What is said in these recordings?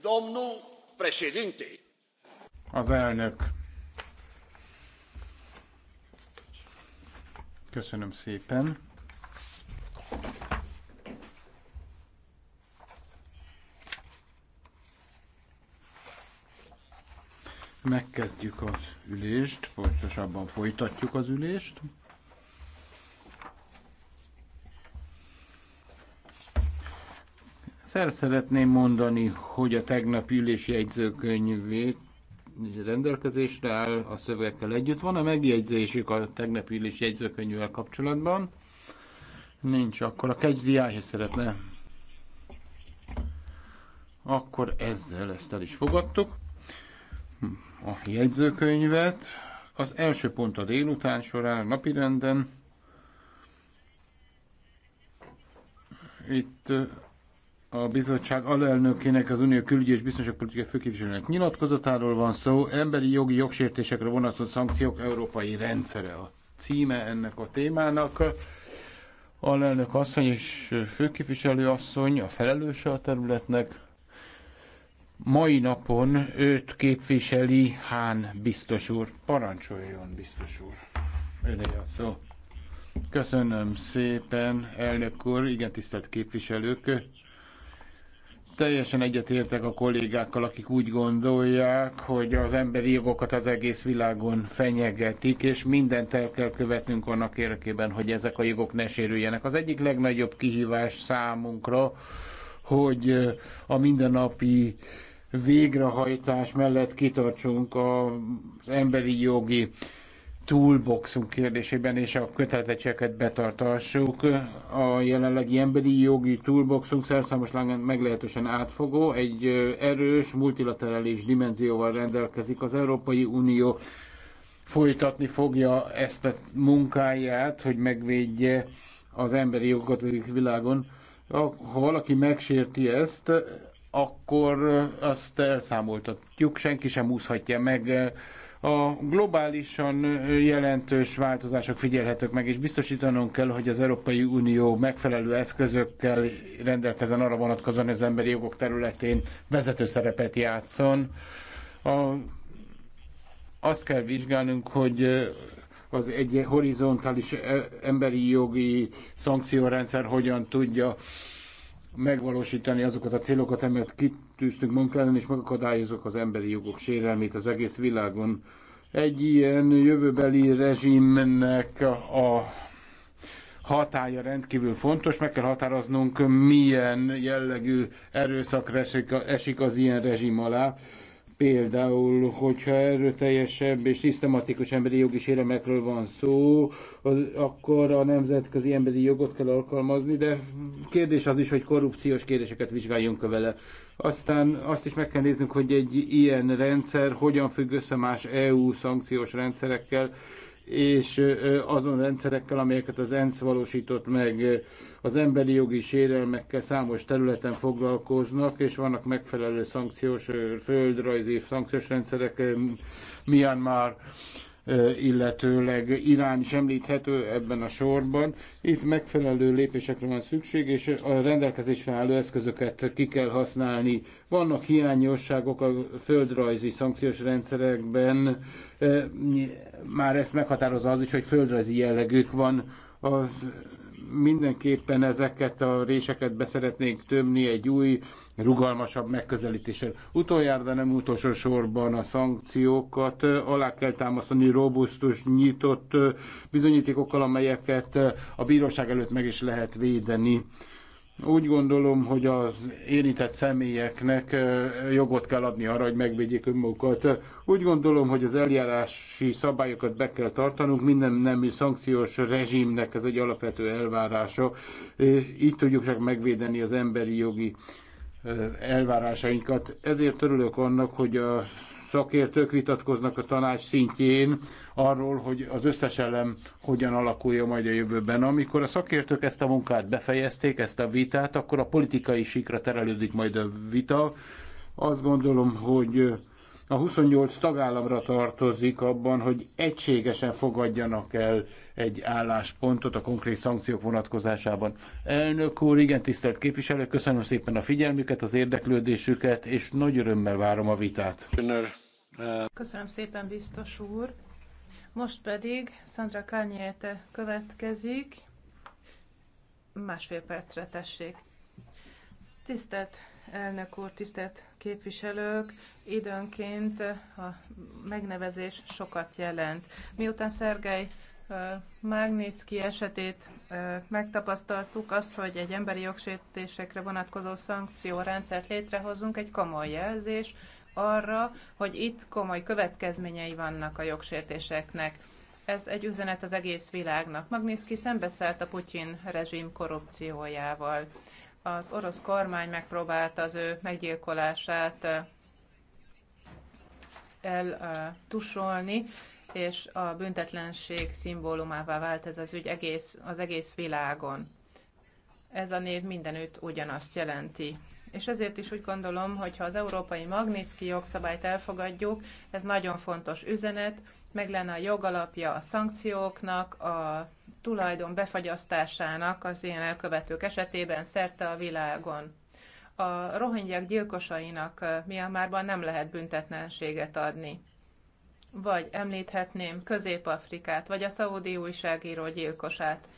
Domnul președinte. Az elnök. Köszönöm szépen. Megkezdjük az ülést, pontosabban folytatjuk az ülést. Szer szeretném mondani, hogy a tegnapi ülési jegyzőkönyvét rendelkezésre áll a szövegekkel együtt. Van a megjegyzésük a tegnapi ülési jegyzőkönyvvel kapcsolatban? Nincs, akkor a kegydiája szeretne. Akkor ezzel ezt el is fogadtuk a jegyzőkönyvet. Az első pont a délután során napirenden. Itt a bizottság alelnökének, az Unió külügyi és biztonságpolitikai főképviselőnek nyilatkozatáról van szó. Emberi jogi jogsértésekre vonatkozó szankciók európai rendszere a címe ennek a témának. Alelnök asszony és főképviselő asszony a felelőse a területnek. Mai napon őt képviseli Hán biztos úr. Parancsoljon, biztos úr. Öné a szó. Köszönöm szépen, elnök úr, igen tisztelt képviselők. Teljesen egyetértek a kollégákkal, akik úgy gondolják, hogy az emberi jogokat az egész világon fenyegetik, és mindent el kell követnünk annak érdekében, hogy ezek a jogok ne sérüljenek. Az egyik legnagyobb kihívás számunkra, hogy a mindennapi végrehajtás mellett kitartsunk az emberi jogi toolboxunk kérdésében, és a kötelezettségeket betartassuk. A jelenlegi emberi jogi toolboxunk szerszámos lángán meglehetősen átfogó, egy erős, multilaterális dimenzióval rendelkezik az Európai Unió folytatni fogja ezt a munkáját, hogy megvédje az emberi jogokat az világon. Ha valaki megsérti ezt, akkor azt elszámoltatjuk, senki sem úszhatja meg. A globálisan jelentős változások figyelhetők meg, és biztosítanunk kell, hogy az Európai Unió megfelelő eszközökkel rendelkezzen arra vonatkozóan, hogy az emberi jogok területén vezető szerepet játszon. A, azt kell vizsgálnunk, hogy az egy horizontális emberi jogi szankciórendszer hogyan tudja megvalósítani azokat a célokat, amelyet kitűztünk ellen, és megakadályozok az emberi jogok sérelmét az egész világon. Egy ilyen jövőbeli rezsimnek a hatája rendkívül fontos, meg kell határoznunk, milyen jellegű erőszak esik az ilyen rezsim alá Például, hogyha erőteljesebb és szisztematikus emberi jogi sérelmekről van szó, az, akkor a nemzetközi emberi jogot kell alkalmazni, de kérdés az is, hogy korrupciós kérdéseket vizsgáljunk vele. Aztán azt is meg kell néznünk, hogy egy ilyen rendszer hogyan függ össze más EU szankciós rendszerekkel, és azon rendszerekkel, amelyeket az ENSZ valósított meg. Az emberi jogi sérelmekkel számos területen foglalkoznak, és vannak megfelelő szankciós, földrajzi szankciós rendszerek Myanmar illetőleg Irán is említhető ebben a sorban. Itt megfelelő lépésekre van szükség, és a rendelkezésre álló eszközöket ki kell használni. Vannak hiányosságok a földrajzi szankciós rendszerekben, már ezt meghatározza az is, hogy földrajzi jellegük van az mindenképpen ezeket a réseket beszeretnénk tömni egy új, rugalmasabb megközelítéssel. Utoljára, de nem utolsó sorban a szankciókat alá kell támasztani robusztus, nyitott bizonyítékokkal, amelyeket a bíróság előtt meg is lehet védeni. Úgy gondolom, hogy az érintett személyeknek jogot kell adni arra, hogy megvédjék önmagukat. Úgy gondolom, hogy az eljárási szabályokat be kell tartanunk, minden nemű szankciós rezsimnek ez egy alapvető elvárása. Így tudjuk csak megvédeni az emberi jogi elvárásainkat. Ezért örülök annak, hogy a szakértők vitatkoznak a tanács szintjén arról, hogy az összes elem hogyan alakulja majd a jövőben. Amikor a szakértők ezt a munkát befejezték, ezt a vitát, akkor a politikai síkra terelődik majd a vita. Azt gondolom, hogy a 28 tagállamra tartozik abban, hogy egységesen fogadjanak el egy álláspontot a konkrét szankciók vonatkozásában. Elnök úr, igen, tisztelt képviselők, köszönöm szépen a figyelmüket, az érdeklődésüket, és nagy örömmel várom a vitát. Köszönöm szépen, biztos úr. Most pedig Sandra Kányéte következik. Másfél percre tessék. Tisztelt elnök úr, tisztelt képviselők, időnként a megnevezés sokat jelent. Miután Szergej Magnitsky esetét megtapasztaltuk, az, hogy egy emberi jogsértésekre vonatkozó szankciórendszert létrehozunk, egy komoly jelzés arra, hogy itt komoly következményei vannak a jogsértéseknek. Ez egy üzenet az egész világnak. Magnitsky szembeszállt a Putyin rezsim korrupciójával. Az orosz kormány megpróbálta az ő meggyilkolását eltusolni, és a büntetlenség szimbólumává vált ez az ügy egész, az egész világon. Ez a név mindenütt ugyanazt jelenti. És ezért is úgy gondolom, hogy ha az európai Magnitsky jogszabályt elfogadjuk, ez nagyon fontos üzenet, meg lenne a jogalapja a szankcióknak, a tulajdon befagyasztásának az ilyen elkövetők esetében szerte a világon. A rohingyák gyilkosainak eh, Myanmarban nem lehet büntetlenséget adni. Vagy említhetném Közép-Afrikát, vagy a szaudi újságíró gyilkosát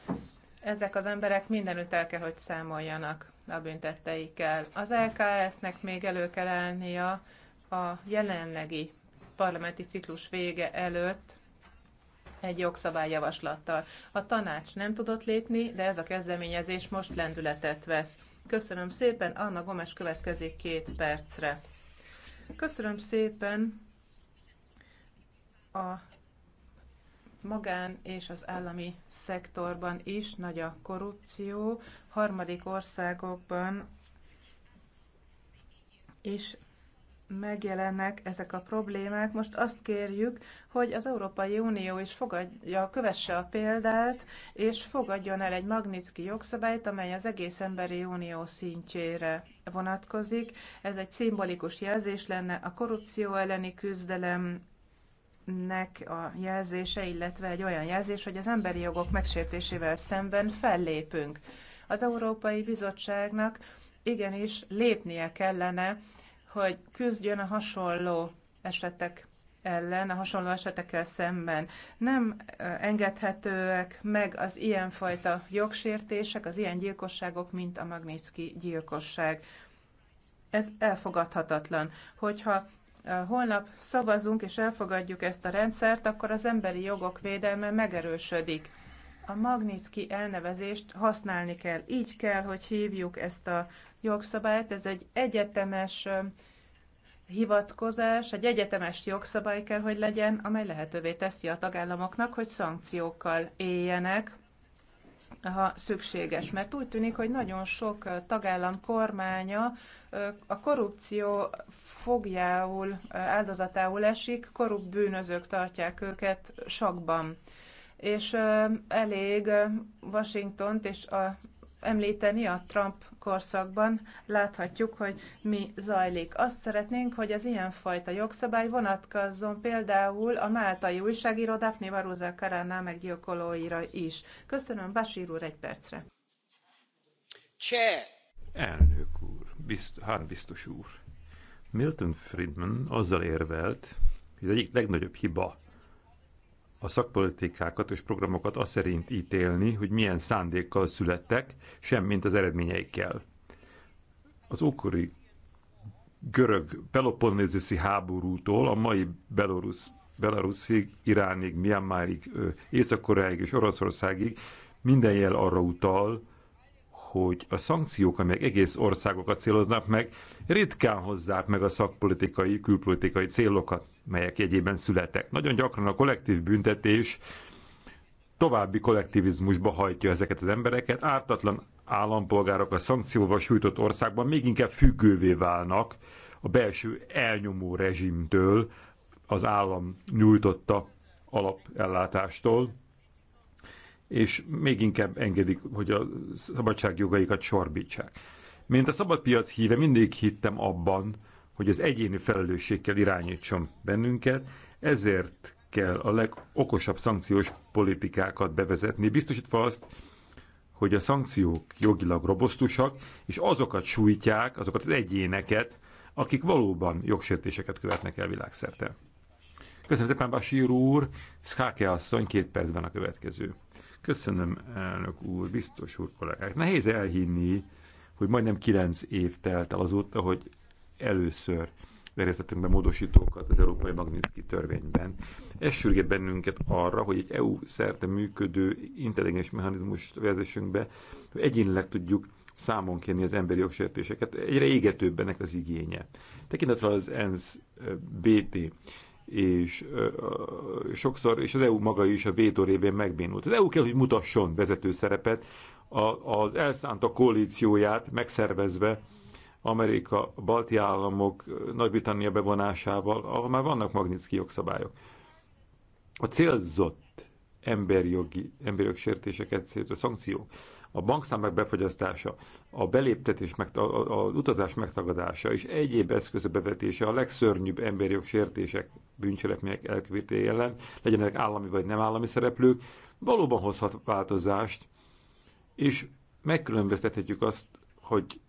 ezek az emberek mindenütt el kell, hogy számoljanak a büntetteikkel. Az LKS-nek még elő kell állnia a jelenlegi parlamenti ciklus vége előtt egy jogszabályjavaslattal. A tanács nem tudott lépni, de ez a kezdeményezés most lendületet vesz. Köszönöm szépen, Anna Gomes következik két percre. Köszönöm szépen a magán és az állami szektorban is nagy a korrupció, harmadik országokban is megjelennek ezek a problémák. Most azt kérjük, hogy az Európai Unió is fogadja, kövesse a példát, és fogadjon el egy Magnitsky jogszabályt, amely az egész emberi unió szintjére vonatkozik. Ez egy szimbolikus jelzés lenne a korrupció elleni küzdelem nek a jelzése, illetve egy olyan jelzés, hogy az emberi jogok megsértésével szemben fellépünk. Az Európai Bizottságnak igenis lépnie kellene, hogy küzdjön a hasonló esetek ellen, a hasonló esetekkel szemben. Nem engedhetőek meg az ilyenfajta jogsértések, az ilyen gyilkosságok, mint a Magnitsky gyilkosság. Ez elfogadhatatlan. Hogyha holnap szavazunk és elfogadjuk ezt a rendszert, akkor az emberi jogok védelme megerősödik. A Magnitsky elnevezést használni kell. Így kell, hogy hívjuk ezt a jogszabályt. Ez egy egyetemes hivatkozás, egy egyetemes jogszabály kell, hogy legyen, amely lehetővé teszi a tagállamoknak, hogy szankciókkal éljenek ha szükséges, mert úgy tűnik, hogy nagyon sok tagállam kormánya a korrupció fogjául, áldozatául esik, korrupt bűnözők tartják őket sakban. És elég Washingtont és a említeni a Trump korszakban láthatjuk, hogy mi zajlik. Azt szeretnénk, hogy az ilyenfajta jogszabály vonatkozzon például a máltai újságíró Daphne Varuza Karánál meggyilkolóira is. Köszönöm, Basír úr, egy percre. Cse! Elnök úr, bizt, hát biztos úr. Milton Friedman azzal érvelt, hogy az egyik legnagyobb hiba a szakpolitikákat és programokat az szerint ítélni, hogy milyen szándékkal születtek, semmint az eredményeikkel. Az ókori görög peloponnéziszi háborútól a mai belorusz Belarusig, Iránig, Myanmarig, Észak-Koreáig és Oroszországig minden jel arra utal, hogy a szankciók, amelyek egész országokat céloznak meg, ritkán hozzák meg a szakpolitikai, külpolitikai célokat, melyek egyében születek. Nagyon gyakran a kollektív büntetés további kollektivizmusba hajtja ezeket az embereket, ártatlan állampolgárok a szankcióval sújtott országban még inkább függővé válnak a belső elnyomó rezsimtől, az állam nyújtotta alapellátástól, és még inkább engedik, hogy a szabadságjogaikat sorbítsák. Mint a szabadpiac híve mindig hittem abban, hogy az egyéni felelősségkel irányítson bennünket, ezért kell a legokosabb szankciós politikákat bevezetni, biztosítva azt, hogy a szankciók jogilag robosztusak, és azokat sújtják, azokat az egyéneket, akik valóban jogsértéseket követnek el világszerte. Köszönöm szépen, Basír úr! Szkáke asszony két percben a következő. Köszönöm, elnök úr, biztos úr kollégák. Nehéz elhinni, hogy majdnem kilenc év telt el azóta, hogy először terjesztettünk be módosítókat az Európai Magnitsky törvényben. Ez sürget bennünket arra, hogy egy EU szerte működő intelligens mechanizmust vezessünk be, hogy egyénileg tudjuk számon kérni az emberi jogsértéseket. Egyre égetőbb ennek az igénye. Tekintetve az ENSZ BT és sokszor, és az EU maga is a vétó révén megbénult. Az EU kell, hogy mutasson vezető szerepet, a, az elszánta koalícióját megszervezve Amerika, balti államok, Nagy-Britannia bevonásával, ahol már vannak magnitsky jogszabályok. A célzott emberjogi, emberjogi sértéseket szértő szankciók, a bankszámlák befogyasztása, a beléptetés, meg, a, az utazás megtagadása és egyéb eszközök bevetése a legszörnyűbb emberjog sértések, bűncselekmények elkövetői ellen, legyenek állami vagy nem állami szereplők, valóban hozhat változást, és megkülönböztethetjük azt, hogy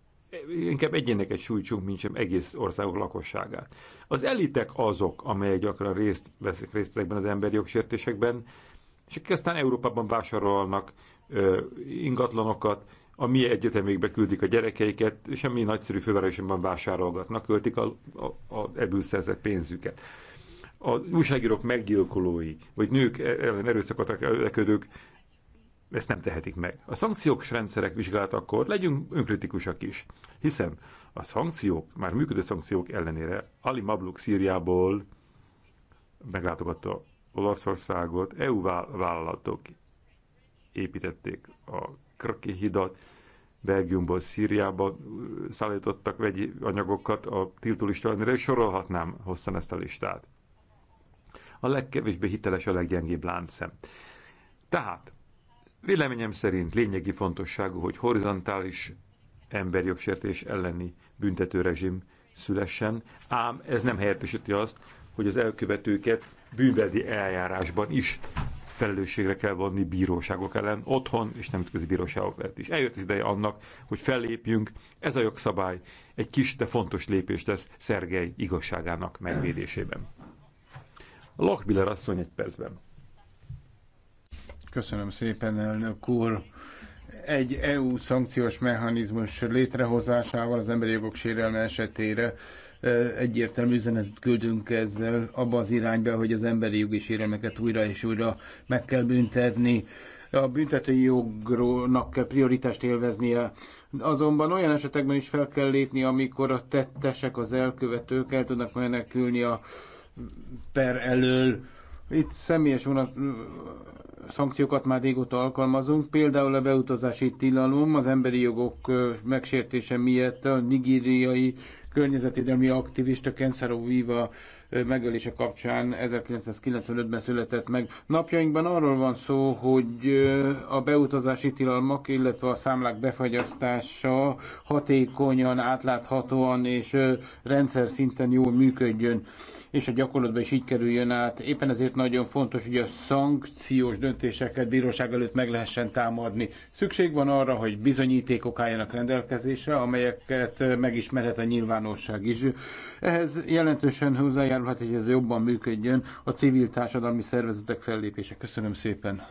inkább egyéneket sújtsunk, mint sem egész országok lakosságát. Az elitek azok, amelyek gyakran részt veszik részt ezekben az emberi sértésekben, és akik aztán Európában vásárolnak ö, ingatlanokat, a mi egyetemékbe küldik a gyerekeiket, és a mi nagyszerű fővárosban vásárolgatnak, költik a, a, a ebből szerzett pénzüket. A újságírók meggyilkolói, vagy nők ellen erőszakot elködők ezt nem tehetik meg. A szankciók rendszerek akkor legyünk önkritikusak is, hiszen a szankciók, már működő szankciók ellenére Ali Mabluk Szíriából meglátogatta Olaszországot EU vállalatok építették a Kraki hidat, Belgiumból Szíriába szállítottak vegyi anyagokat a tiltólista ellenére, és sorolhatnám hosszan ezt a listát. A legkevésbé hiteles, a leggyengébb láncszem. Tehát, véleményem szerint lényegi fontosságú, hogy horizontális emberjogsértés elleni rezsim szülessen, ám ez nem helyettesíti azt, hogy az elkövetőket bűnbedi eljárásban is felelősségre kell vonni bíróságok ellen, otthon és nemzetközi bíróságok ellen is. Eljött az ideje annak, hogy fellépjünk, ez a jogszabály egy kis, de fontos lépés lesz Szergej igazságának megvédésében. Lachbiller asszony egy percben. Köszönöm szépen, elnök úr egy EU szankciós mechanizmus létrehozásával az emberi jogok sérelme esetére egyértelmű üzenetet küldünk ezzel abba az irányba, hogy az emberi jogi sérelmeket újra és újra meg kell büntetni. A büntetői jognak kell prioritást élveznie, azonban olyan esetekben is fel kell lépni, amikor a tettesek, az elkövetők el tudnak menekülni a per elől. Itt személyes vonat, szankciókat már régóta alkalmazunk, például a beutazási tilalom az emberi jogok megsértése miatt a nigériai környezetvédelmi aktivista Kenszaro Viva megölése kapcsán 1995-ben született meg. Napjainkban arról van szó, hogy a beutazási tilalmak, illetve a számlák befagyasztása hatékonyan, átláthatóan és rendszer szinten jól működjön és a gyakorlatban is így kerüljön át. Éppen ezért nagyon fontos, hogy a szankciós döntéseket bíróság előtt meg lehessen támadni. Szükség van arra, hogy bizonyítékok álljanak rendelkezésre, amelyeket megismerhet a nyilvánosság is. Ehhez jelentősen hozzájárulhat, hogy ez jobban működjön a civil társadalmi szervezetek fellépése. Köszönöm szépen.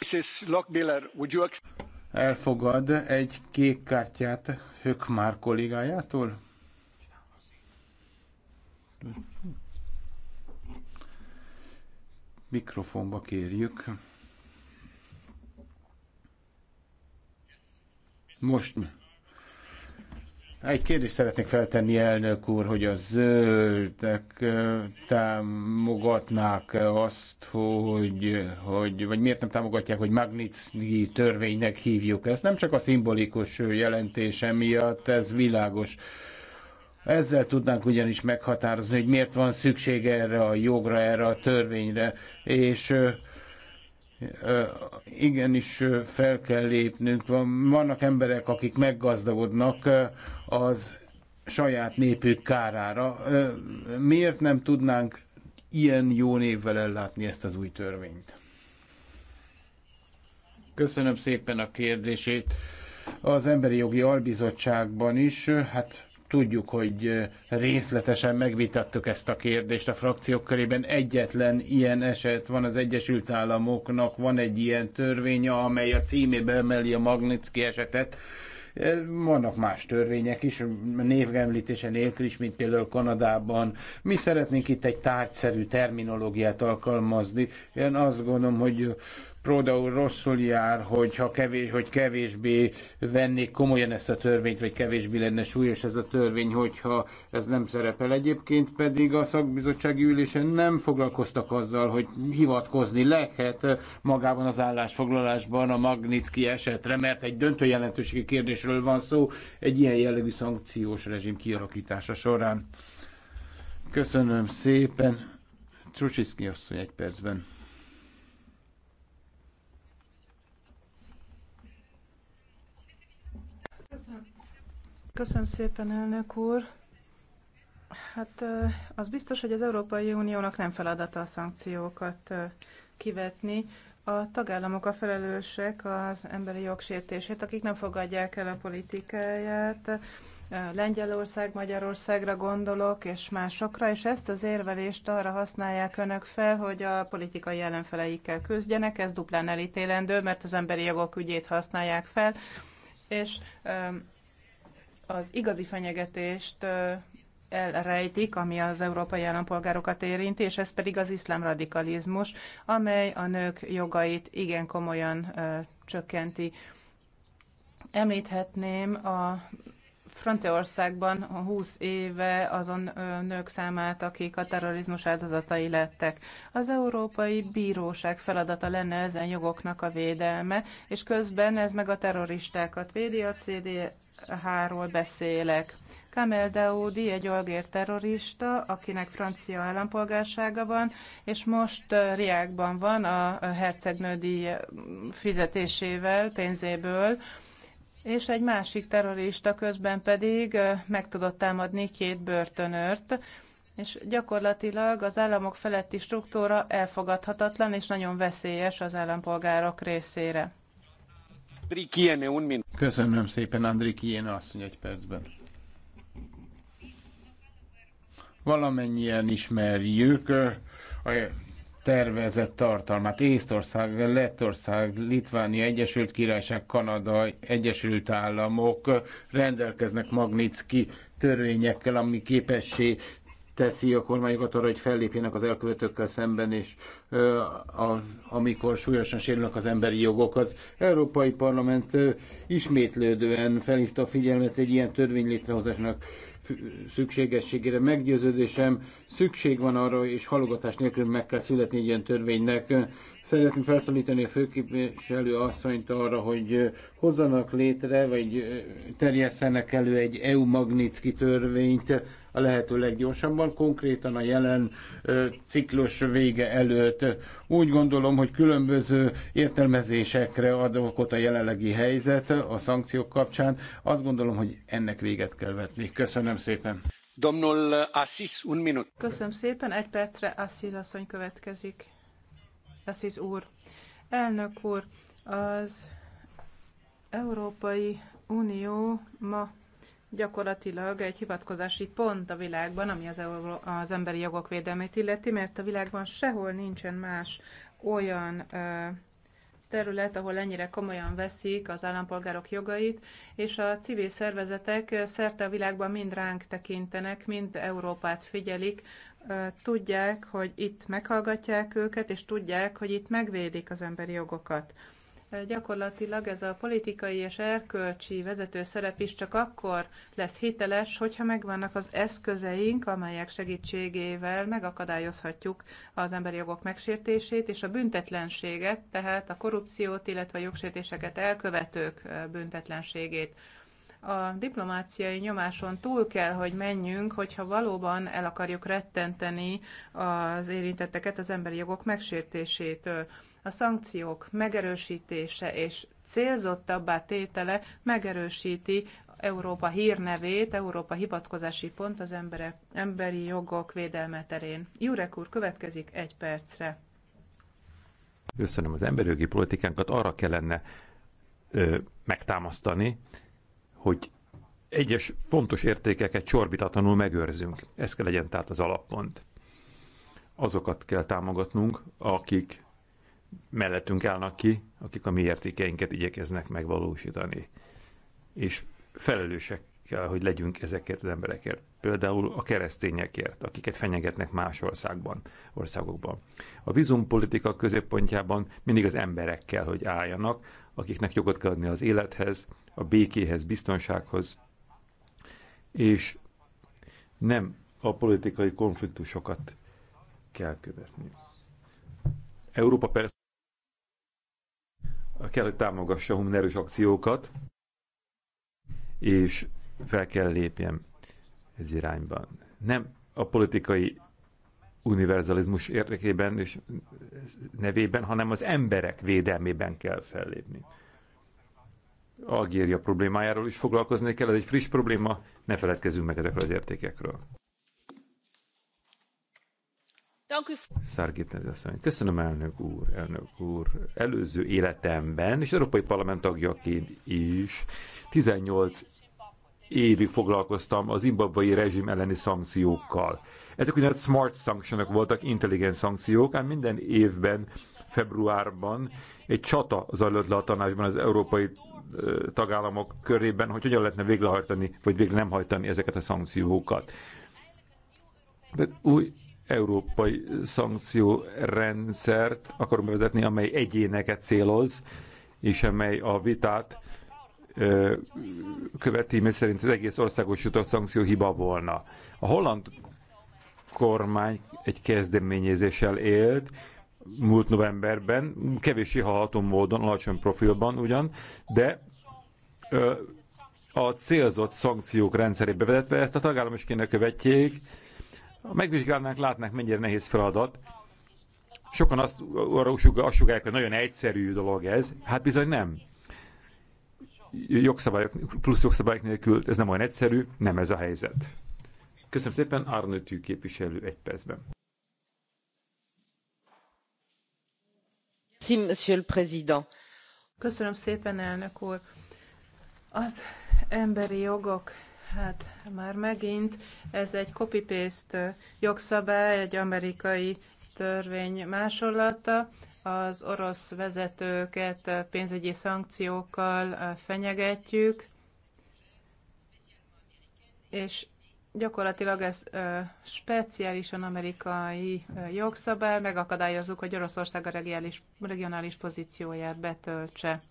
Mrs. Lockbiller, would you accept elfogad egy kék kártyát Hökmár kollégájától? Mikrofonba kérjük. Most egy kérdést szeretnék feltenni, elnök úr, hogy a zöldek támogatnák azt, hogy, hogy vagy miért nem támogatják, hogy Magnitsky törvénynek hívjuk. ezt? nem csak a szimbolikus jelentése miatt, ez világos ezzel tudnánk ugyanis meghatározni, hogy miért van szükség erre a jogra, erre a törvényre, és igenis fel kell lépnünk. Vannak emberek, akik meggazdagodnak az saját népük kárára. Miért nem tudnánk ilyen jó névvel ellátni ezt az új törvényt? Köszönöm szépen a kérdését. Az Emberi Jogi Albizottságban is, hát Tudjuk, hogy részletesen megvitattuk ezt a kérdést a frakciók körében. Egyetlen ilyen eset van az Egyesült Államoknak, van egy ilyen törvénye, amely a címébe emeli a Magnitsky esetet. Vannak más törvények is, névemlítése nélkül is, mint például Kanadában. Mi szeretnénk itt egy tárgyszerű terminológiát alkalmazni. Én azt gondolom, hogy Próda úr rosszul jár, hogyha kevés, hogy kevésbé vennék komolyan ezt a törvényt, vagy kevésbé lenne súlyos ez a törvény, hogyha ez nem szerepel. Egyébként pedig a szakbizottsági ülésen nem foglalkoztak azzal, hogy hivatkozni lehet magában az állásfoglalásban a Magnitsky esetre, mert egy döntő jelentőségi kérdésről van szó egy ilyen jellegű szankciós rezsim kialakítása során. Köszönöm szépen. Trusiszki asszony egy percben. Köszönöm. szépen, elnök úr. Hát az biztos, hogy az Európai Uniónak nem feladata a szankciókat kivetni. A tagállamok a felelősek az emberi jogsértését, akik nem fogadják el a politikáját. Lengyelország, Magyarországra gondolok, és másokra, és ezt az érvelést arra használják önök fel, hogy a politikai ellenfeleikkel küzdjenek. Ez duplán elítélendő, mert az emberi jogok ügyét használják fel és az igazi fenyegetést elrejtik, ami az európai állampolgárokat érinti, és ez pedig az iszlám radikalizmus, amely a nők jogait igen komolyan csökkenti. Említhetném a Franciaországban 20 éve azon nők számát, akik a terrorizmus áldozatai lettek. Az Európai Bíróság feladata lenne ezen jogoknak a védelme, és közben ez meg a terroristákat védi, a CDH-ról beszélek. Kamel Daoudi egy algér terrorista, akinek francia állampolgársága van, és most Riákban van a hercegnődi fizetésével, pénzéből, és egy másik terrorista közben pedig meg tudott támadni két börtönört, és gyakorlatilag az államok feletti struktúra elfogadhatatlan és nagyon veszélyes az állampolgárok részére. Köszönöm szépen, Andri Kiene asszony egy percben. Valamennyien ismerjük a tervezett tartalmát. Észtország, Lettország, Litvánia, Egyesült Királyság, Kanada, Egyesült Államok rendelkeznek Magnitsky törvényekkel, ami képessé teszi a kormányokat arra, hogy fellépjenek az elkövetőkkel szemben, és ö, a, amikor súlyosan sérülnek az emberi jogok. Az Európai Parlament ö, ismétlődően felhívta a figyelmet egy ilyen törvény létrehozásnak szükségességére. Meggyőződésem, szükség van arra, és halogatás nélkül meg kell születni egy ilyen törvénynek. Szeretném felszólítani a főképviselő asszonyt arra, hogy hozzanak létre, vagy terjesszenek elő egy EU Magnitsky törvényt, a lehető leggyorsabban, konkrétan a jelen ciklus vége előtt. Úgy gondolom, hogy különböző értelmezésekre ad okot a jelenlegi helyzet a szankciók kapcsán. Azt gondolom, hogy ennek véget kell vetni. Köszönöm szépen. Domnul Assis, un minut. Köszönöm szépen. Egy percre Assis asszony következik. Assis úr. Elnök úr, az Európai Unió ma gyakorlatilag egy hivatkozási pont a világban, ami az, az emberi jogok védelmét illeti, mert a világban sehol nincsen más olyan ö, terület, ahol ennyire komolyan veszik az állampolgárok jogait, és a civil szervezetek szerte a világban mind ránk tekintenek, mind Európát figyelik, tudják, hogy itt meghallgatják őket, és tudják, hogy itt megvédik az emberi jogokat gyakorlatilag ez a politikai és erkölcsi vezető szerep is csak akkor lesz hiteles, hogyha megvannak az eszközeink, amelyek segítségével megakadályozhatjuk az emberi jogok megsértését és a büntetlenséget, tehát a korrupciót, illetve a jogsértéseket elkövetők büntetlenségét a diplomáciai nyomáson túl kell, hogy menjünk, hogyha valóban el akarjuk rettenteni az érintetteket az emberi jogok megsértésétől a szankciók megerősítése és célzottabbá tétele megerősíti Európa hírnevét, Európa hivatkozási pont az embere, emberi jogok védelme terén. Jurek úr, következik egy percre. Köszönöm, az emberi jogi politikánkat arra kellene ö, megtámasztani, hogy egyes fontos értékeket csorbitatlanul megőrzünk. Ez kell legyen tehát az alappont. Azokat kell támogatnunk, akik mellettünk állnak ki, akik a mi értékeinket igyekeznek megvalósítani. És felelősek kell, hogy legyünk ezekért az emberekért. Például a keresztényekért, akiket fenyegetnek más országban, országokban. A vízumpolitika középpontjában mindig az emberek kell, hogy álljanak, akiknek jogot kell adni az élethez, a békéhez, biztonsághoz, és nem a politikai konfliktusokat kell követni. Európa persze kell, hogy támogassa a humanitárius akciókat, és fel kell lépjem ez irányban. Nem a politikai univerzalizmus érdekében és nevében, hanem az emberek védelmében kell fellépni. Algéria problémájáról is foglalkozni kell, ez egy friss probléma, ne feledkezzünk meg ezekről az értékekről. Szárgétner asszony. Köszönöm, elnök úr, elnök úr. Előző életemben, és Európai Parlament tagjaként is 18 évig foglalkoztam az imbabvai rezsim elleni szankciókkal. Ezek ugyanaz smart szankciók voltak, intelligens szankciók, ám minden évben, februárban egy csata zajlott le a tanácsban az európai tagállamok körében, hogy hogyan lehetne végrehajtani, vagy végre nem hajtani ezeket a szankciókat. De új európai szankciórendszert akarunk bevezetni, amely egyéneket céloz, és amely a vitát ö, követi, mert szerint az egész országos jutott szankció hiba volna. A holland kormány egy kezdeményezéssel élt, múlt novemberben, kevéssé hallható módon, alacsony profilban ugyan, de ö, a célzott szankciók rendszerébe vezetve ezt a tagállam követjék, ha megvizsgálnánk, látnánk, mennyire nehéz feladat. Sokan azt, arra sugálják, hogy nagyon egyszerű dolog ez. Hát bizony nem. Jogszabályok, plusz jogszabályok nélkül ez nem olyan egyszerű, nem ez a helyzet. Köszönöm szépen, Arnötű képviselő egy percben. Köszönöm szépen, elnök úr. Az emberi jogok Hát már megint ez egy copy-paste jogszabály, egy amerikai törvény másolata, az orosz vezetőket pénzügyi szankciókkal fenyegetjük, és gyakorlatilag ez speciálisan amerikai jogszabály, megakadályozzuk, hogy Oroszország a regionális pozícióját betöltse.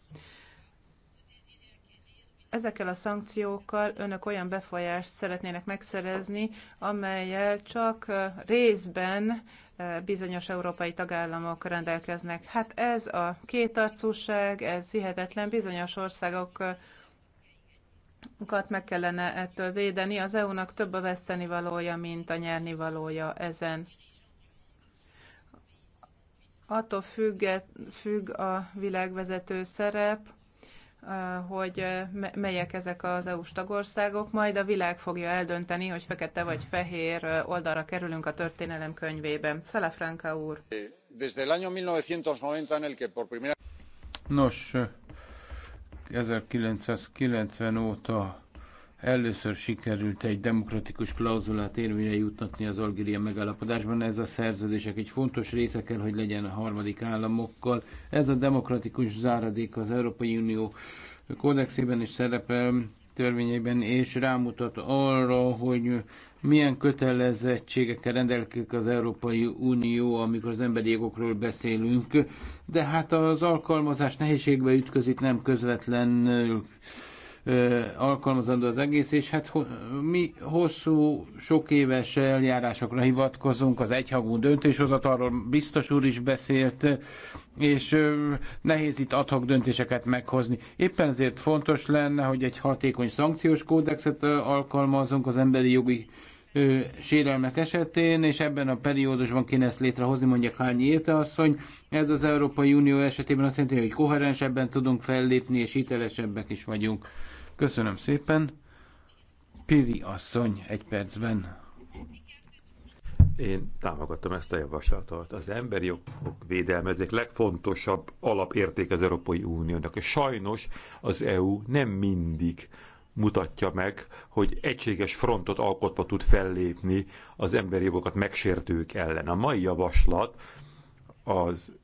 Ezekkel a szankciókkal önök olyan befolyást szeretnének megszerezni, amelyel csak részben bizonyos európai tagállamok rendelkeznek. Hát ez a kétarcúság, ez hihetetlen, bizonyos országokat meg kellene ettől védeni. Az EU-nak több a vesztenivalója, mint a nyernivalója ezen. Attól függ, függ a világvezető szerep, Eh, hogy eh, melyek ezek az EU-s tagországok, majd a világ fogja eldönteni, hogy fekete vagy fehér eh, oldalra kerülünk a történelem könyvében. Franka úr. Desde el año 1990 en el que por primera... Nos, 1990 óta Először sikerült egy demokratikus klauzulát érvényre jutatni az Algéria megállapodásban. Ez a szerződések egy fontos része kell, hogy legyen a harmadik államokkal. Ez a demokratikus záradék az Európai Unió kódexében is szerepel törvényeiben, és rámutat arra, hogy milyen kötelezettségekkel rendelkezik az Európai Unió, amikor az emberi jogokról beszélünk, de hát az alkalmazás nehézségbe ütközik, nem közvetlenül alkalmazandó az egész, és hát mi hosszú, sok éves eljárásokra hivatkozunk, az egyhangú döntéshozatalról biztos úr is beszélt, és nehéz itt adhok döntéseket meghozni. Éppen ezért fontos lenne, hogy egy hatékony szankciós kódexet alkalmazunk az emberi jogi ö, sérelmek esetén, és ebben a periódusban kéne ezt létrehozni, mondja Kányi Érte asszony. Ez az Európai Unió esetében azt jelenti, hogy koherensebben tudunk fellépni, és hitelesebbek is vagyunk. Köszönöm szépen. Piri asszony egy percben. Én támogatom ezt a javaslatot. Az emberi jogok védelme egyik legfontosabb alapérték az Európai Uniónak. És sajnos az EU nem mindig mutatja meg, hogy egységes frontot alkotva tud fellépni az emberi jogokat megsértők ellen. A mai javaslat az,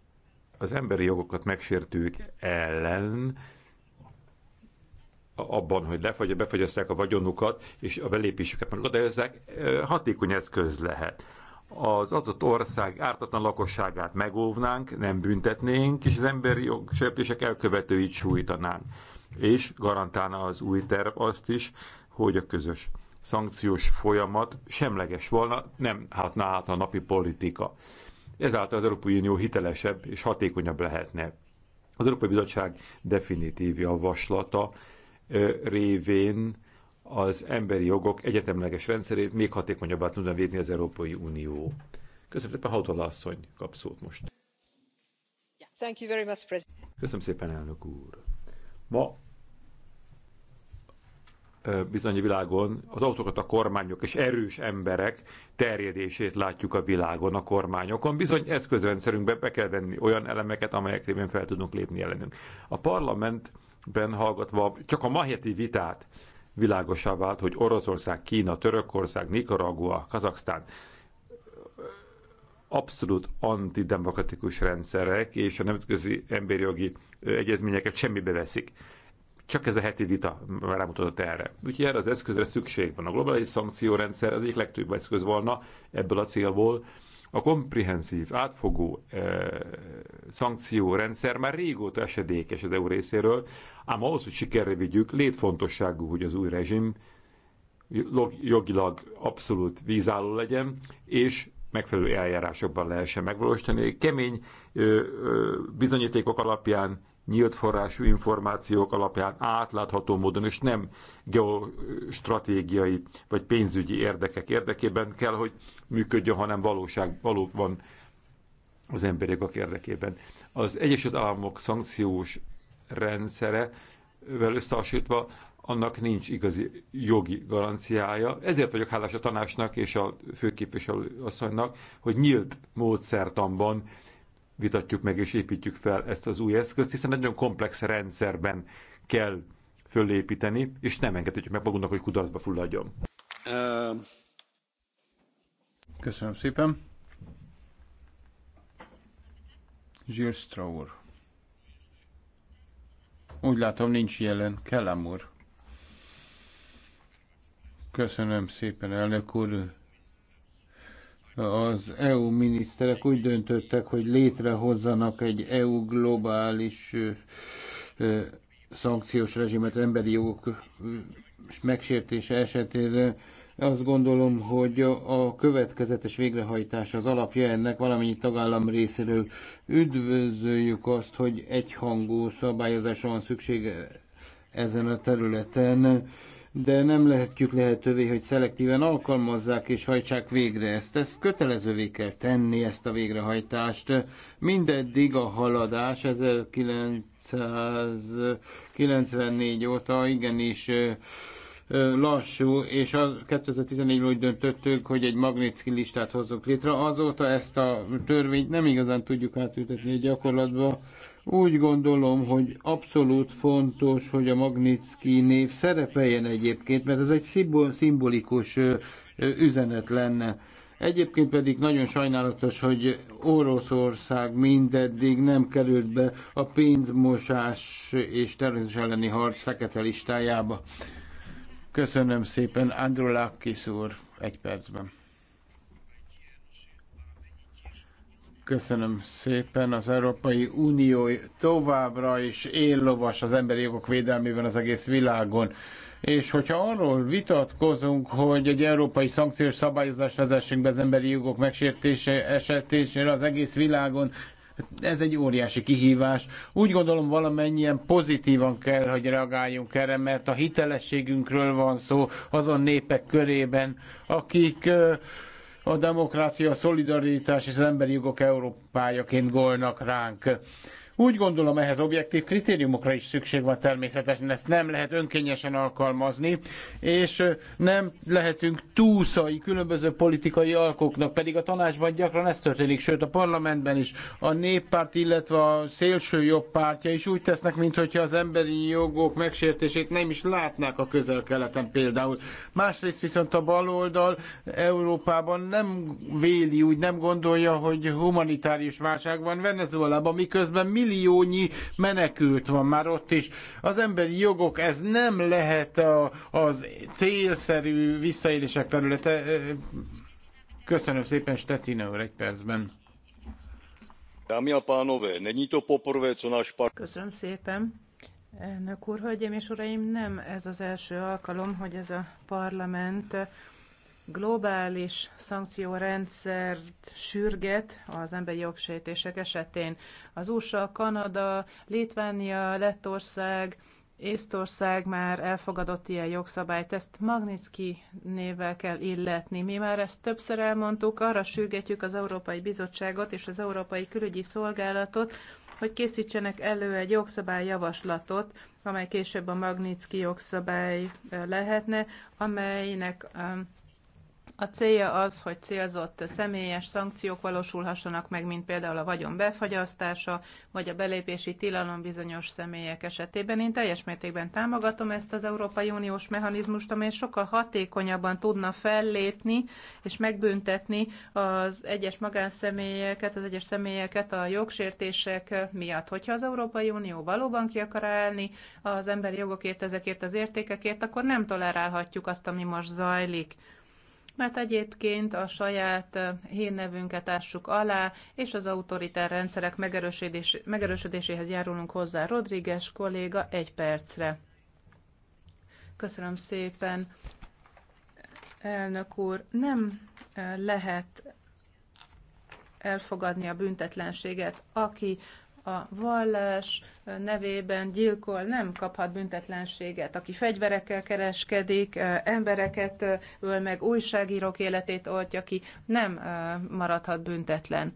az emberi jogokat megsértők ellen abban, hogy lefagy, befagyasszák a vagyonukat, és a belépésüket megadályozzák, hatékony eszköz lehet. Az adott ország ártatlan lakosságát megóvnánk, nem büntetnénk, és az emberi jogsértések elkövetőit sújtanánk. És garantálna az új terv azt is, hogy a közös szankciós folyamat semleges volna, nem hátná át a napi politika. Ezáltal az Európai Unió hitelesebb és hatékonyabb lehetne. Az Európai Bizottság definitív javaslata révén az emberi jogok egyetemleges rendszerét még hatékonyabbá tudna védni az Európai Unió. Köszönöm szépen, Hautola asszony kap szót most. Köszönöm szépen, elnök úr. Ma bizony a világon az autókat a kormányok és erős emberek terjedését látjuk a világon, a kormányokon. Bizony eszközrendszerünkbe be kell venni olyan elemeket, amelyek révén fel tudunk lépni ellenünk. A parlament ben hallgatva csak a maheti vitát világosá vált, hogy Oroszország, Kína, Törökország, Nicaragua, Kazaksztán abszolút antidemokratikus rendszerek, és a nemzetközi emberi jogi egyezményeket semmibe veszik. Csak ez a heti vita rámutatott erre. Úgyhogy erre az eszközre szükség van. A globális szankciórendszer az egyik legtöbb eszköz volna ebből a célból, a komprehenszív, átfogó eh, szankciórendszer már régóta esedékes az EU részéről, ám ahhoz, hogy sikerre vigyük, létfontosságú, hogy az új rezsim jogilag abszolút vízálló legyen, és megfelelő eljárásokban lehessen megvalósítani. Kemény bizonyítékok alapján nyílt forrású információk alapján átlátható módon, és nem geostratégiai vagy pénzügyi érdekek érdekében kell, hogy működjön, hanem valóság valóban az emberek jogok érdekében. Az Egyesült Államok szankciós rendszere vel összehasonlítva annak nincs igazi jogi garanciája. Ezért vagyok hálás a tanácsnak és a főképviselő asszonynak, hogy nyílt módszertanban vitatjuk meg és építjük fel ezt az új eszközt, hiszen egy nagyon komplex rendszerben kell fölépíteni, és nem engedhetjük meg magunknak, hogy kudarcba fulladjon. Köszönöm szépen. Gilles Straur. Úgy látom, nincs jelen. Kellem úr. Köszönöm szépen, elnök úr az EU miniszterek úgy döntöttek, hogy létrehozzanak egy EU globális szankciós rezsimet az emberi jogok megsértése esetére. Azt gondolom, hogy a következetes végrehajtás az alapja ennek valamennyi tagállam részéről. Üdvözöljük azt, hogy egyhangú szabályozásra van szüksége ezen a területen de nem lehetjük lehetővé, hogy szelektíven alkalmazzák és hajtsák végre ezt. Ezt kötelezővé kell tenni, ezt a végrehajtást. Mindeddig a haladás 1994 óta igenis lassú, és a 2014-ben úgy döntöttük, hogy egy Magnitsky listát hozzunk létre. Azóta ezt a törvényt nem igazán tudjuk átültetni a gyakorlatba. Úgy gondolom, hogy abszolút fontos, hogy a Magnitsky név szerepeljen egyébként, mert ez egy szimbolikus üzenet lenne. Egyébként pedig nagyon sajnálatos, hogy Oroszország mindeddig nem került be a pénzmosás és terrorizmus elleni harc fekete listájába. Köszönöm szépen, Andrulakis úr, egy percben. Köszönöm szépen. Az Európai Unió továbbra is éllovas az emberi jogok védelmében az egész világon. És hogyha arról vitatkozunk, hogy egy európai szankciós szabályozást vezessünk be az emberi jogok megsértése esetésére az egész világon, ez egy óriási kihívás. Úgy gondolom valamennyien pozitívan kell, hogy reagáljunk erre, mert a hitelességünkről van szó azon népek körében, akik uh, a demokrácia, a szolidaritás és az emberi jogok Európájaként golnak ránk. Úgy gondolom, ehhez objektív kritériumokra is szükség van természetesen, ezt nem lehet önkényesen alkalmazni, és nem lehetünk túlszai különböző politikai alkoknak, pedig a tanácsban gyakran ez történik, sőt a parlamentben is. A néppárt, illetve a szélső jobb pártja is úgy tesznek, mintha az emberi jogok megsértését nem is látnák a közel-keleten például. Másrészt viszont a baloldal Európában nem véli, úgy nem gondolja, hogy humanitárius válság van Venezuelában, miközben mi milliónyi menekült van már ott is. Az emberi jogok, ez nem lehet a, az célszerű visszaélések területe. Köszönöm szépen, Stetina úr, egy percben. Dámy a pánové, není to poprvé, co náš Köszönöm szépen. Elnök úr, hölgyeim és uraim, nem ez az első alkalom, hogy ez a parlament globális szankciórendszert sürget az emberi jogsértések esetén. Az USA, Kanada, Litvánia, Lettország, Észtország már elfogadott ilyen jogszabályt, ezt Magnitsky névvel kell illetni. Mi már ezt többször elmondtuk, arra sürgetjük az Európai Bizottságot és az Európai Külügyi Szolgálatot, hogy készítsenek elő egy jogszabályjavaslatot, amely később a Magnitsky jogszabály lehetne, amelynek a célja az, hogy célzott személyes szankciók valósulhassanak meg, mint például a vagyon befagyasztása, vagy a belépési tilalom bizonyos személyek esetében. Én teljes mértékben támogatom ezt az Európai Uniós mechanizmust, amely sokkal hatékonyabban tudna fellépni és megbüntetni az egyes magánszemélyeket, az egyes személyeket a jogsértések miatt. Hogyha az Európai Unió valóban ki akar állni az emberi jogokért, ezekért az értékekért, akkor nem tolerálhatjuk azt, ami most zajlik mert egyébként a saját hírnevünket ássuk alá, és az autoritár rendszerek megerősödéséhez járulunk hozzá. Rodríguez kolléga, egy percre. Köszönöm szépen, elnök úr. Nem lehet elfogadni a büntetlenséget, aki a vallás nevében gyilkol, nem kaphat büntetlenséget. Aki fegyverekkel kereskedik, embereket öl meg, újságírók életét oltja ki, nem maradhat büntetlen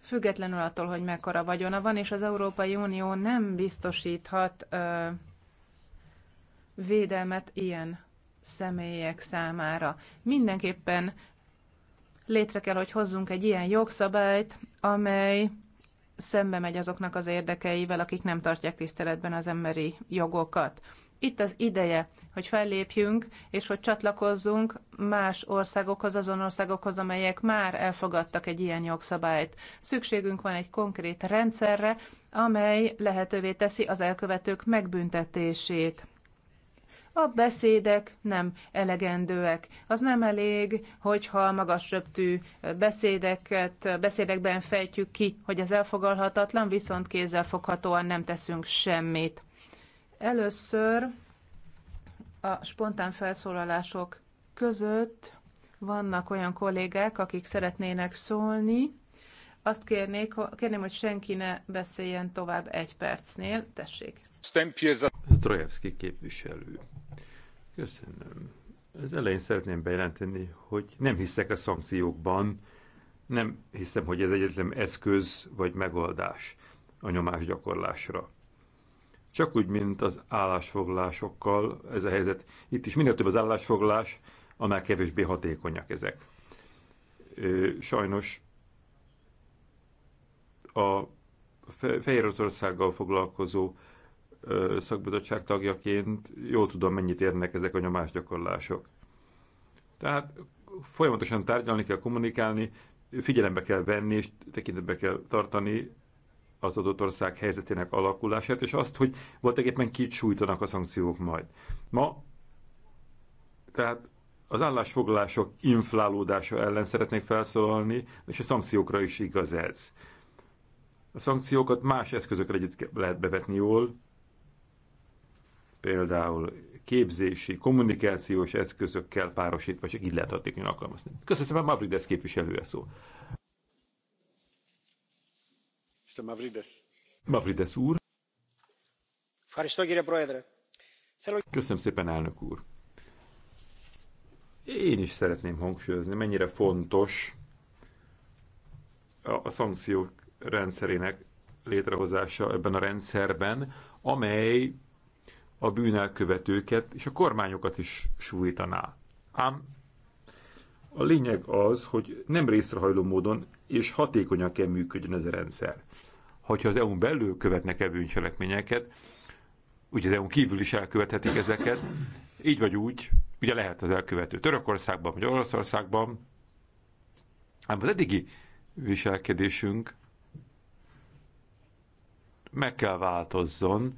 függetlenül attól, hogy mekkora vagyona van, és az Európai Unió nem biztosíthat védelmet ilyen személyek számára. Mindenképpen létre kell, hogy hozzunk egy ilyen jogszabályt, amely szembe megy azoknak az érdekeivel, akik nem tartják tiszteletben az emberi jogokat. Itt az ideje, hogy fellépjünk, és hogy csatlakozzunk más országokhoz, azon országokhoz, amelyek már elfogadtak egy ilyen jogszabályt. Szükségünk van egy konkrét rendszerre, amely lehetővé teszi az elkövetők megbüntetését a beszédek nem elegendőek. Az nem elég, hogyha magasröptű beszédeket, beszédekben fejtjük ki, hogy ez elfogalhatatlan, viszont foghatóan nem teszünk semmit. Először a spontán felszólalások között vannak olyan kollégák, akik szeretnének szólni. Azt kérnék, kérném, hogy senki ne beszéljen tovább egy percnél. Tessék. Zdrojevski képviselő. Köszönöm. Az elején szeretném bejelenteni, hogy nem hiszek a szankciókban, nem hiszem, hogy ez egyetlen eszköz vagy megoldás a nyomás gyakorlásra. Csak úgy, mint az állásfoglalásokkal ez a helyzet. Itt is minél több az állásfoglalás, annál kevésbé hatékonyak ezek. Sajnos a Fehér foglalkozó szakbizottság tagjaként jól tudom, mennyit érnek ezek a nyomásgyakorlások. Tehát folyamatosan tárgyalni kell, kommunikálni, figyelembe kell venni és tekintetbe kell tartani az adott ország helyzetének alakulását, és azt, hogy voltak éppen kit sújtanak a szankciók majd. Ma tehát az állásfoglalások inflálódása ellen szeretnék felszólalni, és a szankciókra is igaz ez. A szankciókat más eszközökre együtt lehet bevetni jól, például képzési, kommunikációs eszközökkel párosítva, csak így lehet hatékonyan alkalmazni. Köszönöm szépen, Mavrides képviselője szó. Mr. Mavrides. Mavrides úr. Köszönöm szépen, elnök úr. Én is szeretném hangsúlyozni, mennyire fontos a, a szankciók rendszerének létrehozása ebben a rendszerben, amely a bűnelkövetőket és a kormányokat is súlytaná. Ám a lényeg az, hogy nem részrehajló módon és hatékonyan kell működjön ez a rendszer. Hogyha az EU-n belül követnek el bűncselekményeket, ugye az EU-n kívül is elkövethetik ezeket, így vagy úgy, ugye lehet az elkövető Törökországban vagy Olaszországban. ám az eddigi viselkedésünk meg kell változzon,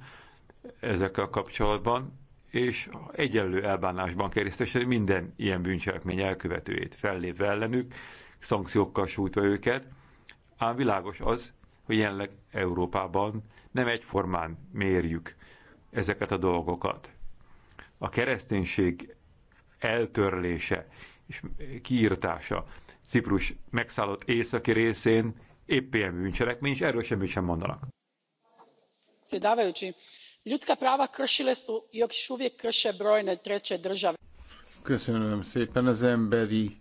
ezekkel kapcsolatban, és egyenlő elbánásban kell részesíteni minden ilyen bűncselekmény elkövetőjét, fellépve ellenük, szankciókkal sújtva őket, ám világos az, hogy jelenleg Európában nem egyformán mérjük ezeket a dolgokat. A kereszténység eltörlése és kiirtása Ciprus megszállott északi részén épp ilyen bűncselekmény, és erről semmit sem mondanak. Szédávajucsi ljudska prava kršile su i još uvijek krše brojne treće države. Köszönöm szépen az emberi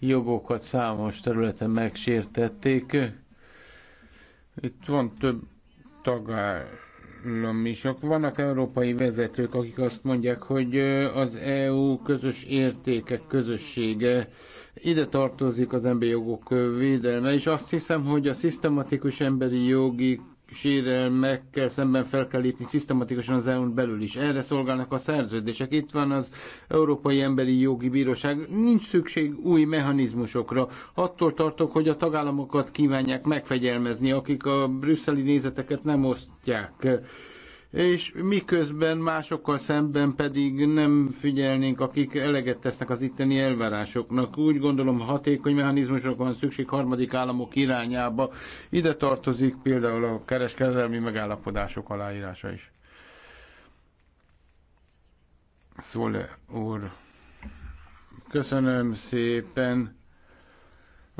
jogokat számos területen megsértették. Itt van több tagállam is. Vannak európai vezetők, akik azt mondják, hogy az EU közös értékek közössége, ide tartozik az emberi jogok védelme, és azt hiszem, hogy a szisztematikus emberi jogi sérelmekkel szemben fel kell lépni szisztematikusan az EU-n belül is. Erre szolgálnak a szerződések. Itt van az Európai Emberi Jogi Bíróság. Nincs szükség új mechanizmusokra. Attól tartok, hogy a tagállamokat kívánják megfegyelmezni, akik a brüsszeli nézeteket nem osztják és miközben másokkal szemben pedig nem figyelnénk, akik eleget tesznek az itteni elvárásoknak. Úgy gondolom hatékony mechanizmusok van szükség harmadik államok irányába. Ide tartozik például a kereskedelmi megállapodások aláírása is. Szóle úr, köszönöm szépen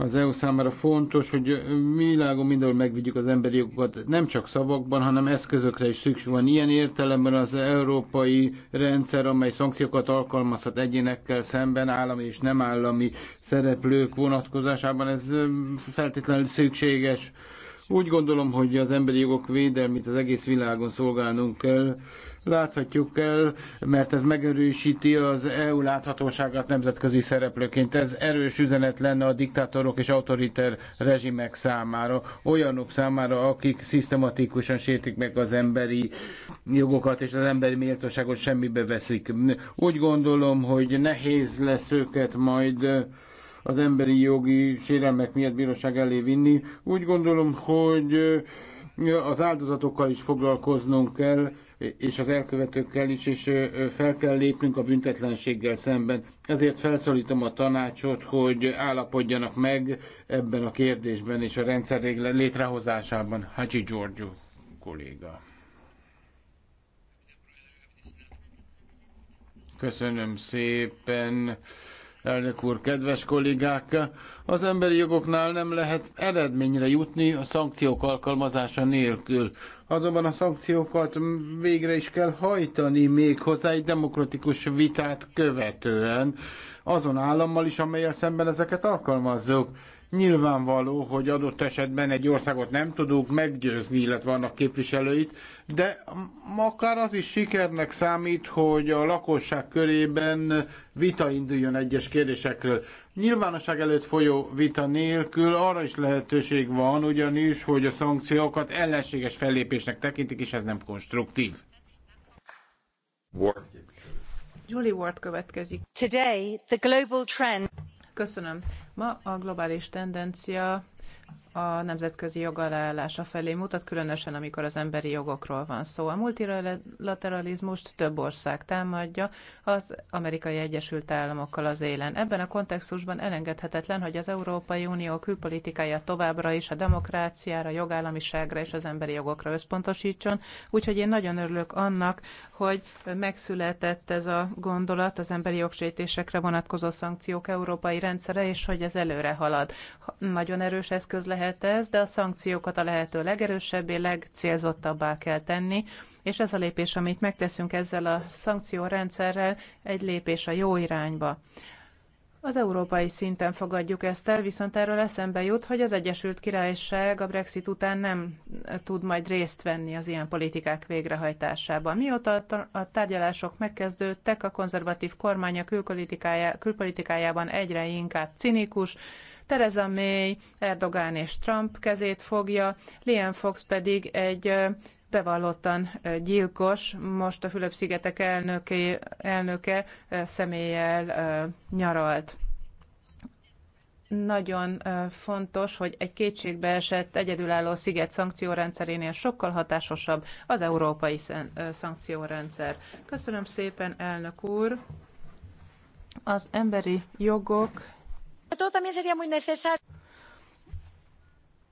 az EU számára fontos, hogy világon mindenhol megvigyük az emberi jogokat, nem csak szavakban, hanem eszközökre is szükség van. Ilyen értelemben az európai rendszer, amely szankciókat alkalmazhat egyénekkel szemben, állami és nem állami szereplők vonatkozásában, ez feltétlenül szükséges. Úgy gondolom, hogy az emberi jogok védelmét az egész világon szolgálnunk kell. Láthatjuk el, mert ez megerősíti az EU láthatóságát nemzetközi szereplőként. Ez erős üzenet lenne a diktátorok és autoriter rezsimek számára, olyanok számára, akik szisztematikusan sértik meg az emberi jogokat és az emberi méltóságot semmibe veszik. Úgy gondolom, hogy nehéz lesz őket majd az emberi jogi sérelmek miatt bíróság elé vinni. Úgy gondolom, hogy az áldozatokkal is foglalkoznunk kell, és az elkövetőkkel is, és fel kell lépnünk a büntetlenséggel szemben. Ezért felszólítom a tanácsot, hogy állapodjanak meg ebben a kérdésben és a rendszer létrehozásában. Hacsi Giorgio kolléga. Köszönöm szépen. Elnök úr, kedves kollégák, az emberi jogoknál nem lehet eredményre jutni a szankciók alkalmazása nélkül. Azonban a szankciókat végre is kell hajtani még hozzá egy demokratikus vitát követően azon állammal is, amelyel szemben ezeket alkalmazzuk Nyilvánvaló, hogy adott esetben egy országot nem tudunk meggyőzni, illetve annak képviselőit, de akár az is sikernek számít, hogy a lakosság körében vita induljon egyes kérdésekről. Nyilvánosság előtt folyó vita nélkül arra is lehetőség van, ugyanis, hogy a szankciókat ellenséges fellépésnek tekintik, és ez nem konstruktív. Ward. Julie Ward következik. Today, the global trend. Köszönöm. Ma a globális tendencia a nemzetközi jogalállása felé mutat, különösen amikor az emberi jogokról van szó. A multilateralizmust több ország támadja, az amerikai Egyesült Államokkal az élen. Ebben a kontextusban elengedhetetlen, hogy az Európai Unió külpolitikája továbbra is a demokráciára, jogállamiságra és az emberi jogokra összpontosítson. Úgyhogy én nagyon örülök annak, hogy megszületett ez a gondolat az emberi jogsértésekre vonatkozó szankciók európai rendszere, és hogy ez előre halad. Nagyon erős eszköz lehet lehet ez, de a szankciókat a lehető legerősebbé, legcélzottabbá kell tenni, és ez a lépés, amit megteszünk ezzel a szankciórendszerrel, egy lépés a jó irányba. Az európai szinten fogadjuk ezt el, viszont erről eszembe jut, hogy az Egyesült Királyság a Brexit után nem tud majd részt venni az ilyen politikák végrehajtásában. Mióta a tárgyalások megkezdődtek, a konzervatív kormány a külpolitikájában egyre inkább cinikus, Theresa May Erdogán és Trump kezét fogja, Liam Fox pedig egy bevallottan gyilkos, most a Fülöp-szigetek elnöke, elnöke személlyel nyaralt nagyon fontos, hogy egy kétségbeesett egyedülálló sziget szankciórendszerénél sokkal hatásosabb az európai szankciórendszer. Köszönöm szépen, elnök úr! Az emberi jogok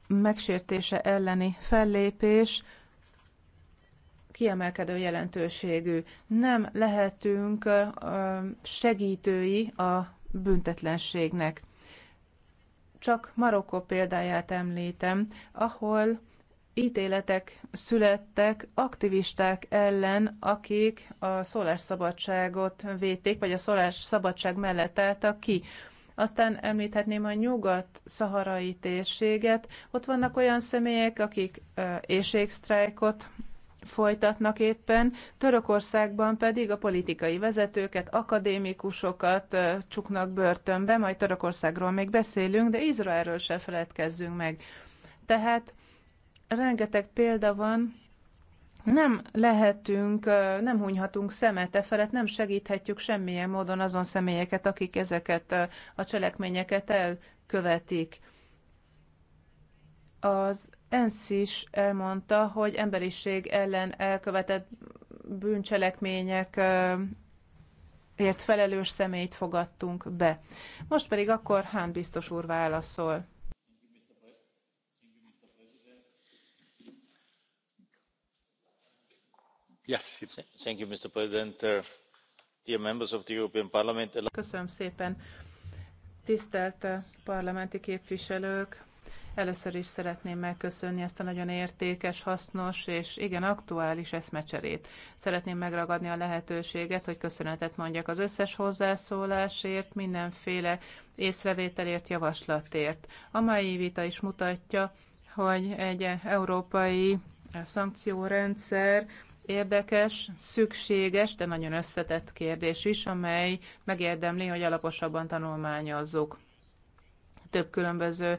Megsértése elleni fellépés kiemelkedő jelentőségű. Nem lehetünk segítői a büntetlenségnek. Csak Marokkó példáját említem, ahol ítéletek születtek aktivisták ellen, akik a szólásszabadságot védték, vagy a szólásszabadság mellett álltak ki. Aztán említhetném a nyugat-szaharai térséget. Ott vannak olyan személyek, akik éjségsztrájkot folytatnak éppen, Törökországban pedig a politikai vezetőket, akadémikusokat csuknak börtönbe, majd Törökországról még beszélünk, de Izraelről se feledkezzünk meg. Tehát rengeteg példa van, nem lehetünk, nem hunyhatunk szemet e felett, nem segíthetjük semmilyen módon azon személyeket, akik ezeket a cselekményeket elkövetik. Az ENSZ is elmondta, hogy emberiség ellen elkövetett bűncselekmények ért felelős személyt fogadtunk be. Most pedig akkor Hán biztos úr válaszol. Uh, köszönöm szépen tisztelt uh, parlamenti képviselők! először is szeretném megköszönni ezt a nagyon értékes hasznos és igen aktuális eszmecserét. szeretném megragadni a lehetőséget hogy köszönetet mondjak az összes hozzászólásért mindenféle észrevételért javaslatért. a mai vita is mutatja hogy egy európai eh, szankciórendszer érdekes, szükséges, de nagyon összetett kérdés is, amely megérdemli, hogy alaposabban tanulmányozzuk. Több különböző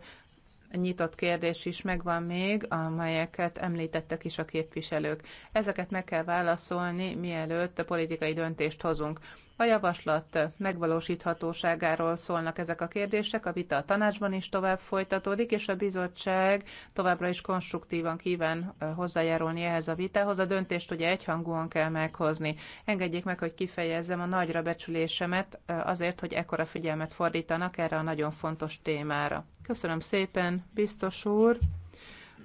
nyitott kérdés is megvan még, amelyeket említettek is a képviselők. Ezeket meg kell válaszolni, mielőtt a politikai döntést hozunk. A javaslat megvalósíthatóságáról szólnak ezek a kérdések, a vita a tanácsban is tovább folytatódik, és a bizottság továbbra is konstruktívan kíván hozzájárulni ehhez a vitához. A döntést ugye egyhangúan kell meghozni. Engedjék meg, hogy kifejezzem a nagyra becsülésemet azért, hogy ekkora figyelmet fordítanak erre a nagyon fontos témára. Köszönöm szépen, biztos úr.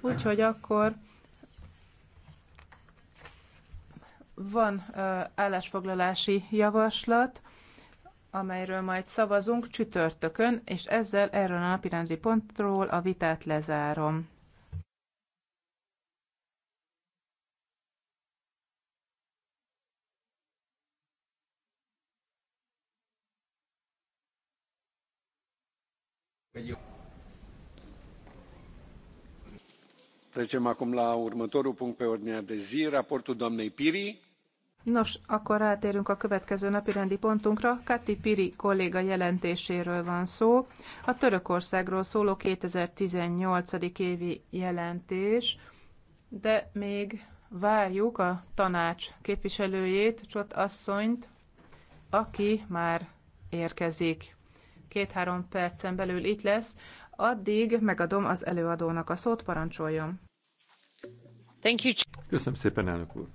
Úgyhogy akkor Van állásfoglalási javaslat, amelyről majd szavazunk csütörtökön, és ezzel erről a napirendi pontról a vitát lezárom. Trecem acum la următorul punct pe ordinea de zi, raportul doamnei Piri. Nos, akkor rátérünk a következő napi rendi pontunkra. Kati Piri kolléga jelentéséről van szó. A Törökországról szóló 2018. évi jelentés, de még várjuk a tanács képviselőjét, Csot asszonyt, aki már érkezik. Két-három percen belül itt lesz. Addig megadom az előadónak a szót, parancsoljon. Thank you. Köszönöm szépen, elnök úr.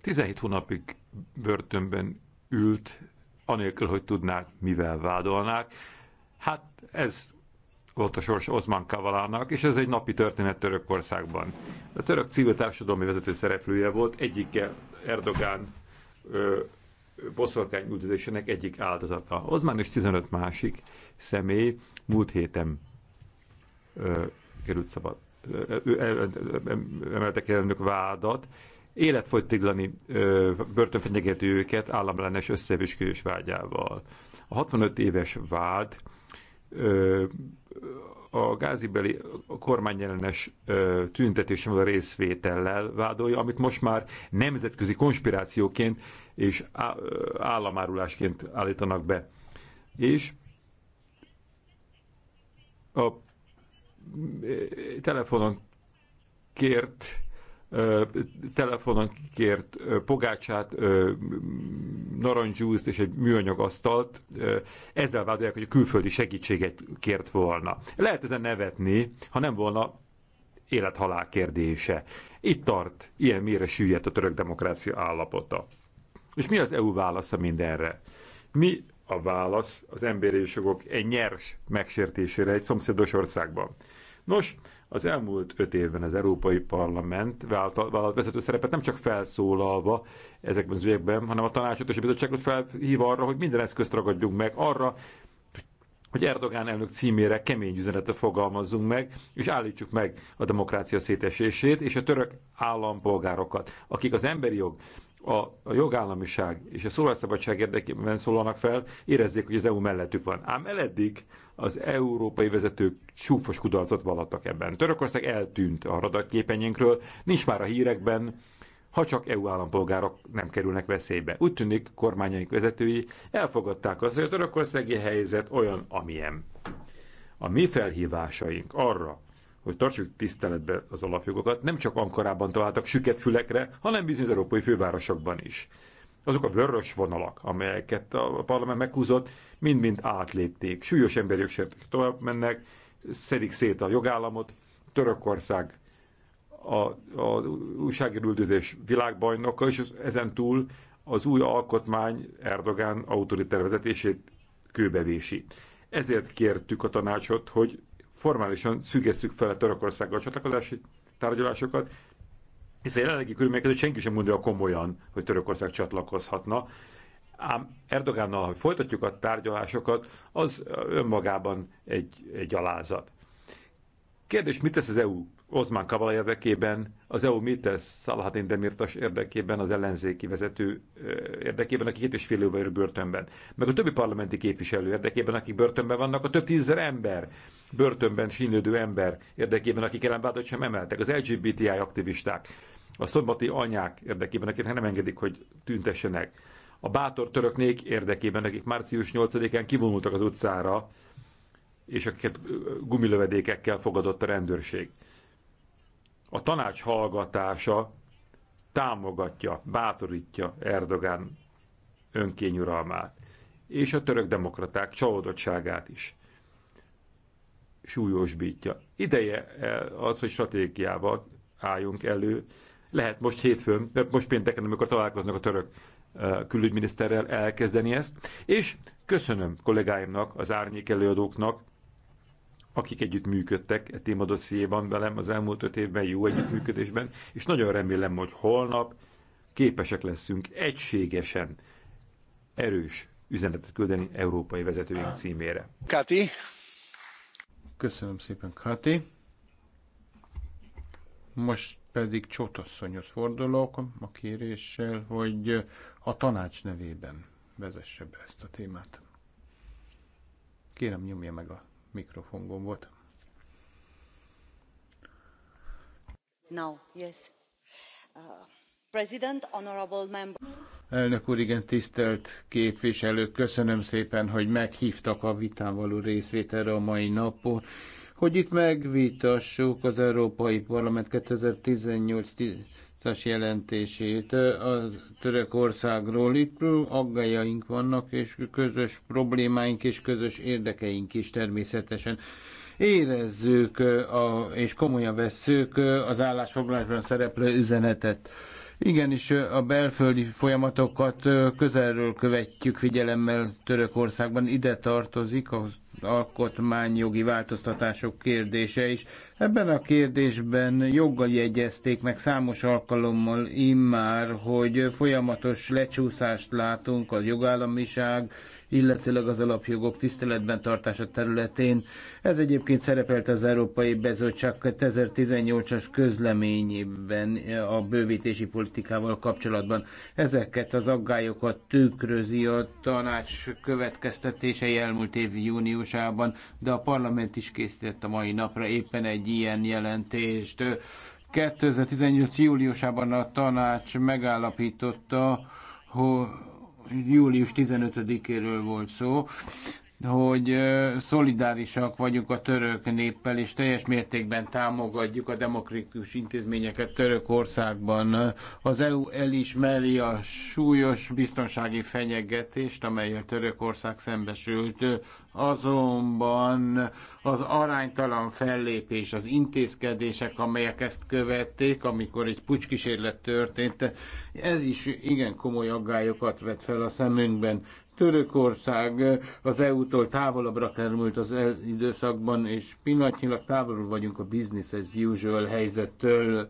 17 hónapig börtönben ült, anélkül, hogy tudnák, mivel vádolnák. Hát ez volt a sors Osman Kavalának, és ez egy napi történet Törökországban. A török civil társadalmi vezető szereplője volt, egyike Erdogán ö, boszorkány üldözésének egyik áldozata. Osman és 15 másik személy múlt héten került szabad, emeltek ellenük vádat, életfogytiglani börtönfenyegető őket államellenes összevésküvés vágyával. A 65 éves vád a gázibeli kormányellenes tüntetés a részvétellel vádolja, amit most már nemzetközi konspirációként és államárulásként állítanak be. És a telefonon kért telefonon kért pogácsát, narancsúzt és egy műanyagasztalt, ezzel vádolják, hogy a külföldi segítséget kért volna. Lehet ezen nevetni, ha nem volna élethalál kérdése. Itt tart, ilyen mire süllyedt a török demokrácia állapota. És mi az EU válasza mindenre? Mi a válasz az emberi jogok egy nyers megsértésére egy szomszédos országban. Nos, az elmúlt öt évben az Európai Parlament vállalt vezető szerepet nem csak felszólalva ezekben az ügyekben, hanem a tanácsot és a bizottságot felhív arra, hogy minden eszközt ragadjunk meg arra, hogy Erdogán elnök címére kemény üzenetet fogalmazzunk meg, és állítsuk meg a demokrácia szétesését és a török állampolgárokat, akik az emberi jog a, a jogállamiság és a szólásszabadság érdekében szólalnak fel, érezzék, hogy az EU mellettük van. Ám eleddig az európai vezetők csúfos kudarcot vallattak ebben. Törökország eltűnt a radarképenyénkről, nincs már a hírekben, ha csak EU állampolgárok nem kerülnek veszélybe. Úgy tűnik, kormányaink vezetői elfogadták azt, hogy a törökországi helyzet olyan, amilyen. A mi felhívásaink arra, hogy tartsuk tiszteletbe az alapjogokat, nem csak Ankarában találtak süket fülekre, hanem bizonyos európai fővárosokban is. Azok a vörös vonalak, amelyeket a parlament meghúzott, mind-mind átlépték. Súlyos emberjogsértések tovább mennek, szedik szét a jogállamot, Törökország a, a újságérüldözés világbajnoka, és az, ezen túl az új alkotmány Erdogán autori tervezetését kőbevési. Ezért kértük a tanácsot, hogy formálisan szügesszük fel a Törökországgal csatlakozási tárgyalásokat, hiszen jelenlegi körülmények között senki sem mondja komolyan, hogy Törökország csatlakozhatna. Ám Erdogánnal, hogy folytatjuk a tárgyalásokat, az önmagában egy, egy alázat. Kérdés, mit tesz az EU Oszmán Kavala érdekében, az EU mit tesz Szalahatin Demirtas érdekében, az ellenzéki vezető érdekében, aki két és fél évvel börtönben, meg a többi parlamenti képviselő érdekében, akik börtönben vannak, a több tízezer ember, börtönben sínődő ember érdekében, akik ellenvádat sem emeltek, az LGBTI aktivisták, a szombati anyák érdekében, akiknek nem engedik, hogy tüntessenek, a bátor töröknék érdekében, akik március 8-án kivonultak az utcára, és akiket gumilövedékekkel fogadott a rendőrség. A tanács hallgatása támogatja, bátorítja Erdogán önkényuralmát, és a török demokraták csalódottságát is súlyosbítja. Ideje eh, az, hogy stratégiával álljunk elő. Lehet most hétfőn, most pénteken, amikor találkoznak a török eh, külügyminiszterrel elkezdeni ezt, és köszönöm kollégáimnak, az árnyék előadóknak, akik együtt működtek e témadossziéban velem az elmúlt öt évben, jó együttműködésben, és nagyon remélem, hogy holnap képesek leszünk egységesen erős üzenetet küldeni európai vezetőink címére. Kati, Köszönöm szépen, Kati. Most pedig Csótasszonyhoz fordulok a kéréssel, hogy a tanács nevében vezesse be ezt a témát. Kérem, nyomja meg a mikrofon gombot. Now, yes. Uh... Elnök úr, igen, tisztelt képviselők, köszönöm szépen, hogy meghívtak a vitán való részvételre a mai napon, hogy itt megvitassuk az Európai Parlament 2018 as jelentését a Törökországról. Itt aggájaink vannak, és közös problémáink és közös érdekeink is természetesen érezzük a, és komolyan vesszük az állásfoglalásban szereplő üzenetet. Igenis, a belföldi folyamatokat közelről követjük figyelemmel Törökországban. Ide tartozik az alkotmányjogi változtatások kérdése is. Ebben a kérdésben joggal jegyezték meg számos alkalommal immár, hogy folyamatos lecsúszást látunk az jogállamiság illetőleg az alapjogok tiszteletben tartása területén. Ez egyébként szerepelt az Európai Bizottság 2018-as közleményében eh, a bővítési politikával kapcsolatban. Ezeket az aggályokat tükrözi a tanács következtetései elmúlt év júniusában, de a parlament is készített a mai napra éppen egy ilyen jelentést. 2018. júliusában a tanács megállapította, hogy július 15-éről volt szó, hogy szolidárisak vagyunk a török néppel, és teljes mértékben támogatjuk a demokratikus intézményeket Törökországban. Az EU elismeri a súlyos biztonsági fenyegetést, amelyel Törökország szembesült azonban az aránytalan fellépés, az intézkedések, amelyek ezt követték, amikor egy pucskísérlet történt, ez is igen komoly aggályokat vet fel a szemünkben. Törökország az EU-tól távolabbra került az időszakban, és pillanatnyilag távolul vagyunk a business as usual helyzettől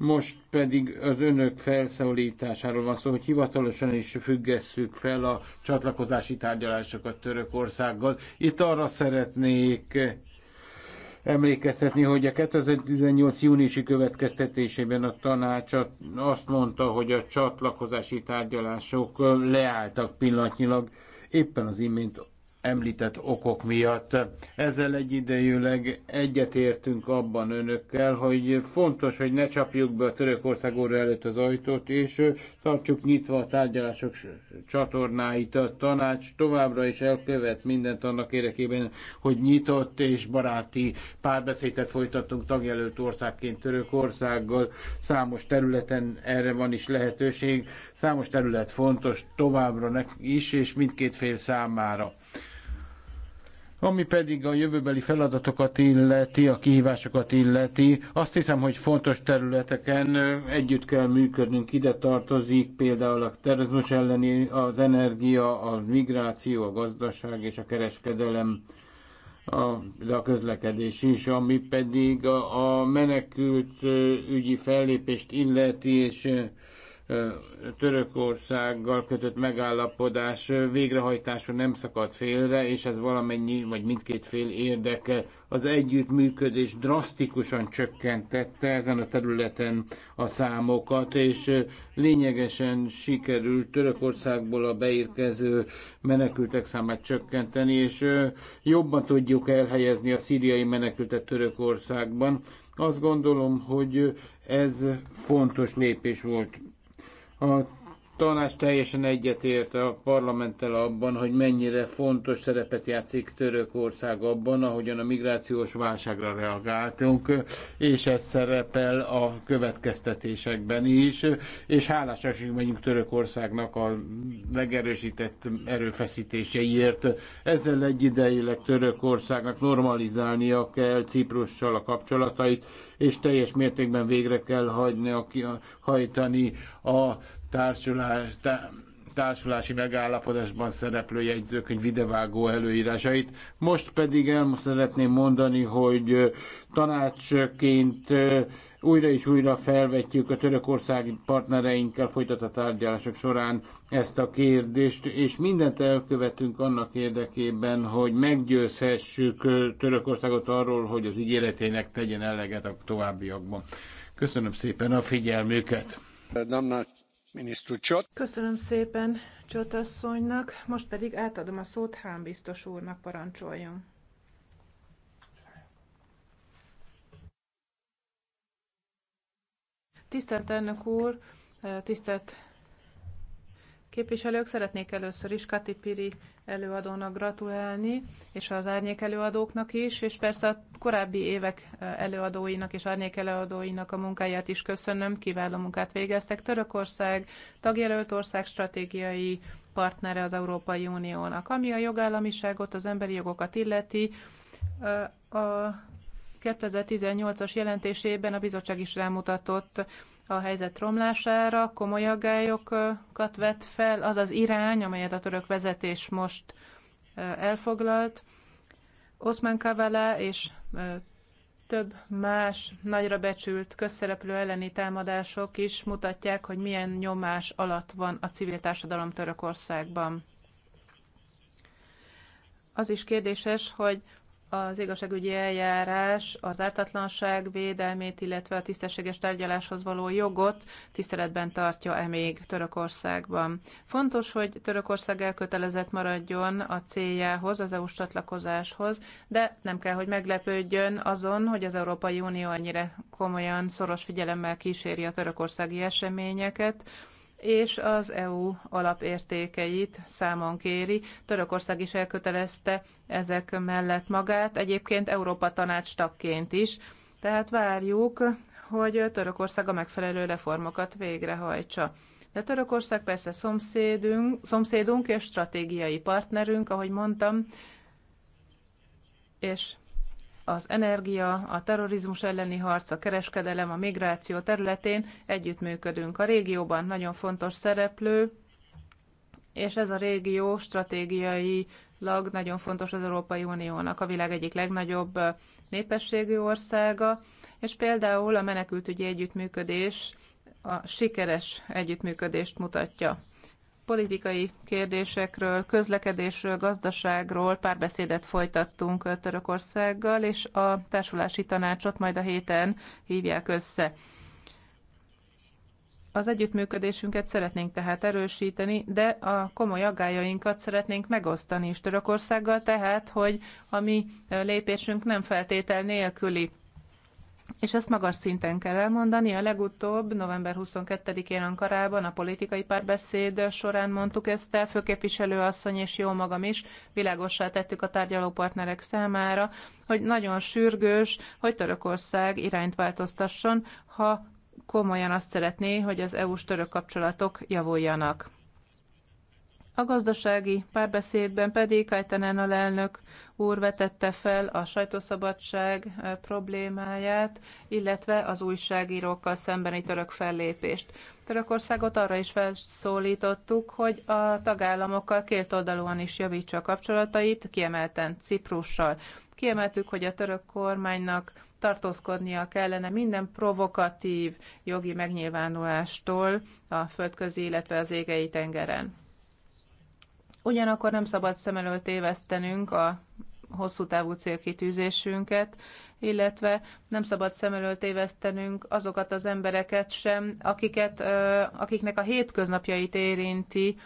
most pedig az önök felszólításáról van szó, hogy hivatalosan is függesszük fel a csatlakozási tárgyalásokat Törökországgal. Itt arra szeretnék emlékeztetni, hogy a 2018. júniusi következtetésében a tanács azt mondta, hogy a csatlakozási tárgyalások leálltak pillanatnyilag. Éppen az imént említett okok miatt. Ezzel egyidejűleg egyetértünk abban önökkel, hogy fontos, hogy ne csapjuk be a Törökország óra előtt az ajtót, és tartsuk nyitva a tárgyalások csatornáit. A tanács továbbra is elkövet mindent annak érdekében, hogy nyitott és baráti párbeszédet folytatunk tagjelölt országként Törökországgal. Számos területen erre van is lehetőség. Számos terület fontos továbbra is, és mindkét fél számára. Ami pedig a jövőbeli feladatokat illeti, a kihívásokat illeti, azt hiszem, hogy fontos területeken együtt kell működnünk. Ide tartozik például a terrorizmus elleni, az energia, a migráció, a gazdaság és a kereskedelem, a, de a közlekedés is, ami pedig a, a menekült ügyi fellépést illeti, és Törökországgal kötött megállapodás végrehajtása nem szakadt félre, és ez valamennyi, vagy mindkét fél érdeke. Az együttműködés drasztikusan csökkentette ezen a területen a számokat, és lényegesen sikerült Törökországból a beérkező menekültek számát csökkenteni, és jobban tudjuk elhelyezni a szíriai menekültet Törökországban. Azt gondolom, hogy ez fontos lépés volt a tanács teljesen egyetért a parlamenttel abban, hogy mennyire fontos szerepet játszik Törökország abban, ahogyan a migrációs válságra reagáltunk, és ez szerepel a következtetésekben is, és hálásak vagyunk Törökországnak a megerősített erőfeszítéseiért. Ezzel egyidejileg Törökországnak normalizálnia kell Ciprussal a kapcsolatait, és teljes mértékben végre kell hagyni, hajtani a társulás, társulási megállapodásban szereplő jegyzőkönyv videvágó előírásait. Most pedig el szeretném mondani, hogy tanácsként újra és újra felvetjük a törökország partnereinkkel folytatott tárgyalások során ezt a kérdést, és mindent elkövetünk annak érdekében, hogy meggyőzhessük Törökországot arról, hogy az ígéretének tegyen eleget a továbbiakban. Köszönöm szépen a figyelmüket! Nem Köszönöm szépen asszonynak, most pedig átadom a szót Hán biztos úrnak, parancsoljon. Tisztelt elnök úr, tisztelt képviselők, szeretnék először is Kati Piri előadónak gratulálni, és az árnyék előadóknak is, és persze a korábbi évek előadóinak és árnyék előadóinak a munkáját is köszönöm, kiváló munkát végeztek. Törökország, tagjelölt ország stratégiai partnere az Európai Uniónak. Ami a jogállamiságot, az emberi jogokat illeti, a 2018-as jelentésében a bizottság is rámutatott a helyzet romlására, komoly aggályokat vett fel, az az irány, amelyet a török vezetés most elfoglalt. Osman Kavala és több más nagyra becsült közszereplő elleni támadások is mutatják, hogy milyen nyomás alatt van a civil társadalom Törökországban. Az is kérdéses, hogy az igazságügyi eljárás az ártatlanság védelmét, illetve a tisztességes tárgyaláshoz való jogot tiszteletben tartja-e még Törökországban. Fontos, hogy Törökország elkötelezett maradjon a céljához, az EU-s csatlakozáshoz, de nem kell, hogy meglepődjön azon, hogy az Európai Unió ennyire komolyan, szoros figyelemmel kíséri a törökországi eseményeket, és az EU alapértékeit számon kéri. Törökország is elkötelezte ezek mellett magát, egyébként Európa Tanács tagként is. Tehát várjuk, hogy Törökország a megfelelő reformokat végrehajtsa. De Törökország persze szomszédünk, szomszédunk és stratégiai partnerünk, ahogy mondtam, és az energia, a terrorizmus elleni harc, a kereskedelem, a migráció területén együttműködünk. A régióban nagyon fontos szereplő, és ez a régió stratégiai lag nagyon fontos az Európai Uniónak, a világ egyik legnagyobb népességű országa, és például a menekültügyi együttműködés a sikeres együttműködést mutatja politikai kérdésekről, közlekedésről, gazdaságról párbeszédet folytattunk Törökországgal, és a társulási tanácsot majd a héten hívják össze. Az együttműködésünket szeretnénk tehát erősíteni, de a komoly aggájainkat szeretnénk megosztani is Törökországgal, tehát, hogy a mi lépésünk nem feltétel nélküli és ezt magas szinten kell elmondani. A legutóbb, november 22-én Ankarában a politikai párbeszéd során mondtuk ezt el, főképviselő asszony és jó magam is, világossá tettük a tárgyalópartnerek számára, hogy nagyon sürgős, hogy Törökország irányt változtasson, ha komolyan azt szeretné, hogy az EU-s török kapcsolatok javuljanak. A gazdasági párbeszédben pedig a alelnök úr vetette fel a sajtószabadság problémáját, illetve az újságírókkal szembeni török fellépést. Törökországot arra is felszólítottuk, hogy a tagállamokkal kétoldalúan is javítsa a kapcsolatait, kiemelten Ciprussal. Kiemeltük, hogy a török kormánynak tartózkodnia kellene minden provokatív jogi megnyilvánulástól a földközi, illetve az égei tengeren. Ugyanakkor nem szabad szem előtt évesztenünk a hosszú távú célkitűzésünket, illetve nem szabad szem előtt évesztenünk azokat az embereket sem, akiket, akiknek a hétköznapjait érinti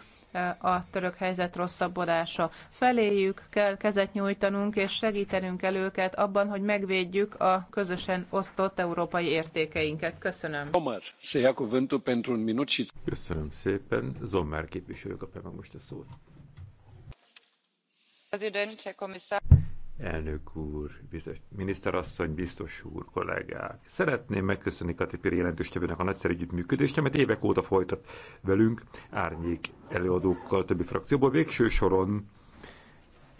a török helyzet rosszabbodása. Feléjük kell kezet nyújtanunk és segítenünk el őket abban, hogy megvédjük a közösen osztott európai értékeinket. Köszönöm. Omar, se pentru un minut Köszönöm szépen. Zomár képviselő kapja meg most a szót. Elnök úr, miniszterasszony, biztos úr, kollégák! Szeretném megköszönni jelentős jelentőstevőnek a nagyszerű együttműködést, amit évek óta folytat velünk, árnyék előadókkal többi frakcióból. Végső soron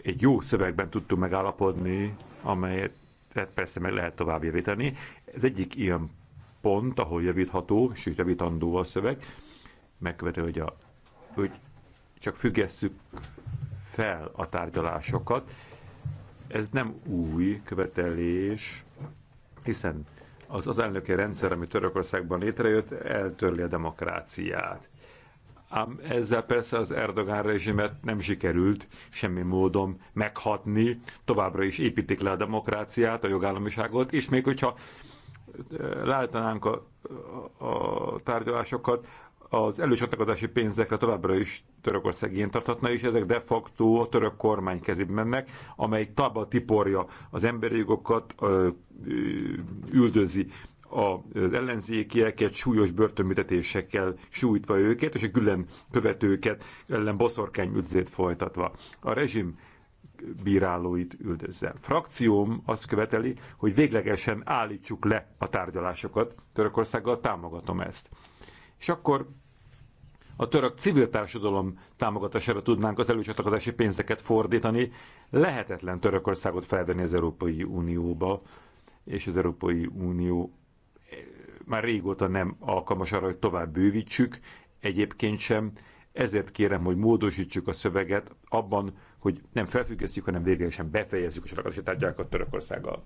egy jó szövegben tudtunk megállapodni, amelyet persze meg lehet tovább javítani. Ez egyik ilyen pont, ahol javítható, sőt javítandó a szöveg, megkövető, hogy, a, hogy csak függesszük fel a tárgyalásokat. Ez nem új követelés, hiszen az az elnöki rendszer, ami Törökországban létrejött, eltörli a demokráciát. Ám ezzel persze az Erdogán rezsimet nem sikerült semmi módon meghatni, továbbra is építik le a demokráciát, a jogállamiságot, és még hogyha a, a, a tárgyalásokat, az előcsatlakozási pénzekre továbbra is Törökország ilyen tartatna, és ezek de facto a török kormány kezében mennek, amely tába tiporja az emberi jogokat, üldözi az ellenzékieket súlyos börtönbüntetésekkel sújtva őket, és a külön követőket ellen boszorkány üdzét folytatva. A rezsim bírálóit üldözze. Frakcióm azt követeli, hogy véglegesen állítsuk le a tárgyalásokat Törökországgal, támogatom ezt. És akkor a török civil társadalom támogatására tudnánk az előcsatlakozási pénzeket fordítani, lehetetlen Törökországot felvenni az Európai Unióba, és az Európai Unió eh, már régóta nem alkalmas arra, hogy tovább bővítsük, egyébként sem. Ezért kérem, hogy módosítsuk a szöveget abban, hogy nem felfüggesztjük, hanem véglegesen befejezzük a csatlakozási tárgyalakat Törökországgal.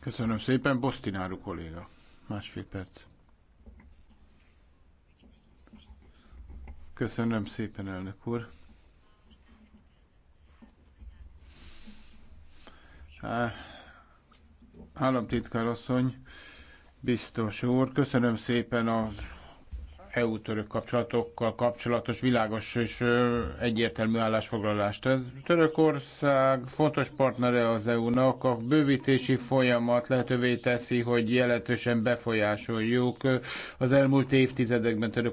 Köszönöm szépen, Bosztinárú kolléga. Másfél perc. Köszönöm szépen, elnök úr. Államtitkár asszony, biztos úr, köszönöm szépen az EU-török kapcsolatokkal kapcsolatos világos és egyértelmű állásfoglalást. Törökország fontos partnere az EU-nak, a bővítési folyamat lehetővé teszi, hogy jelentősen befolyásoljuk az elmúlt évtizedekben török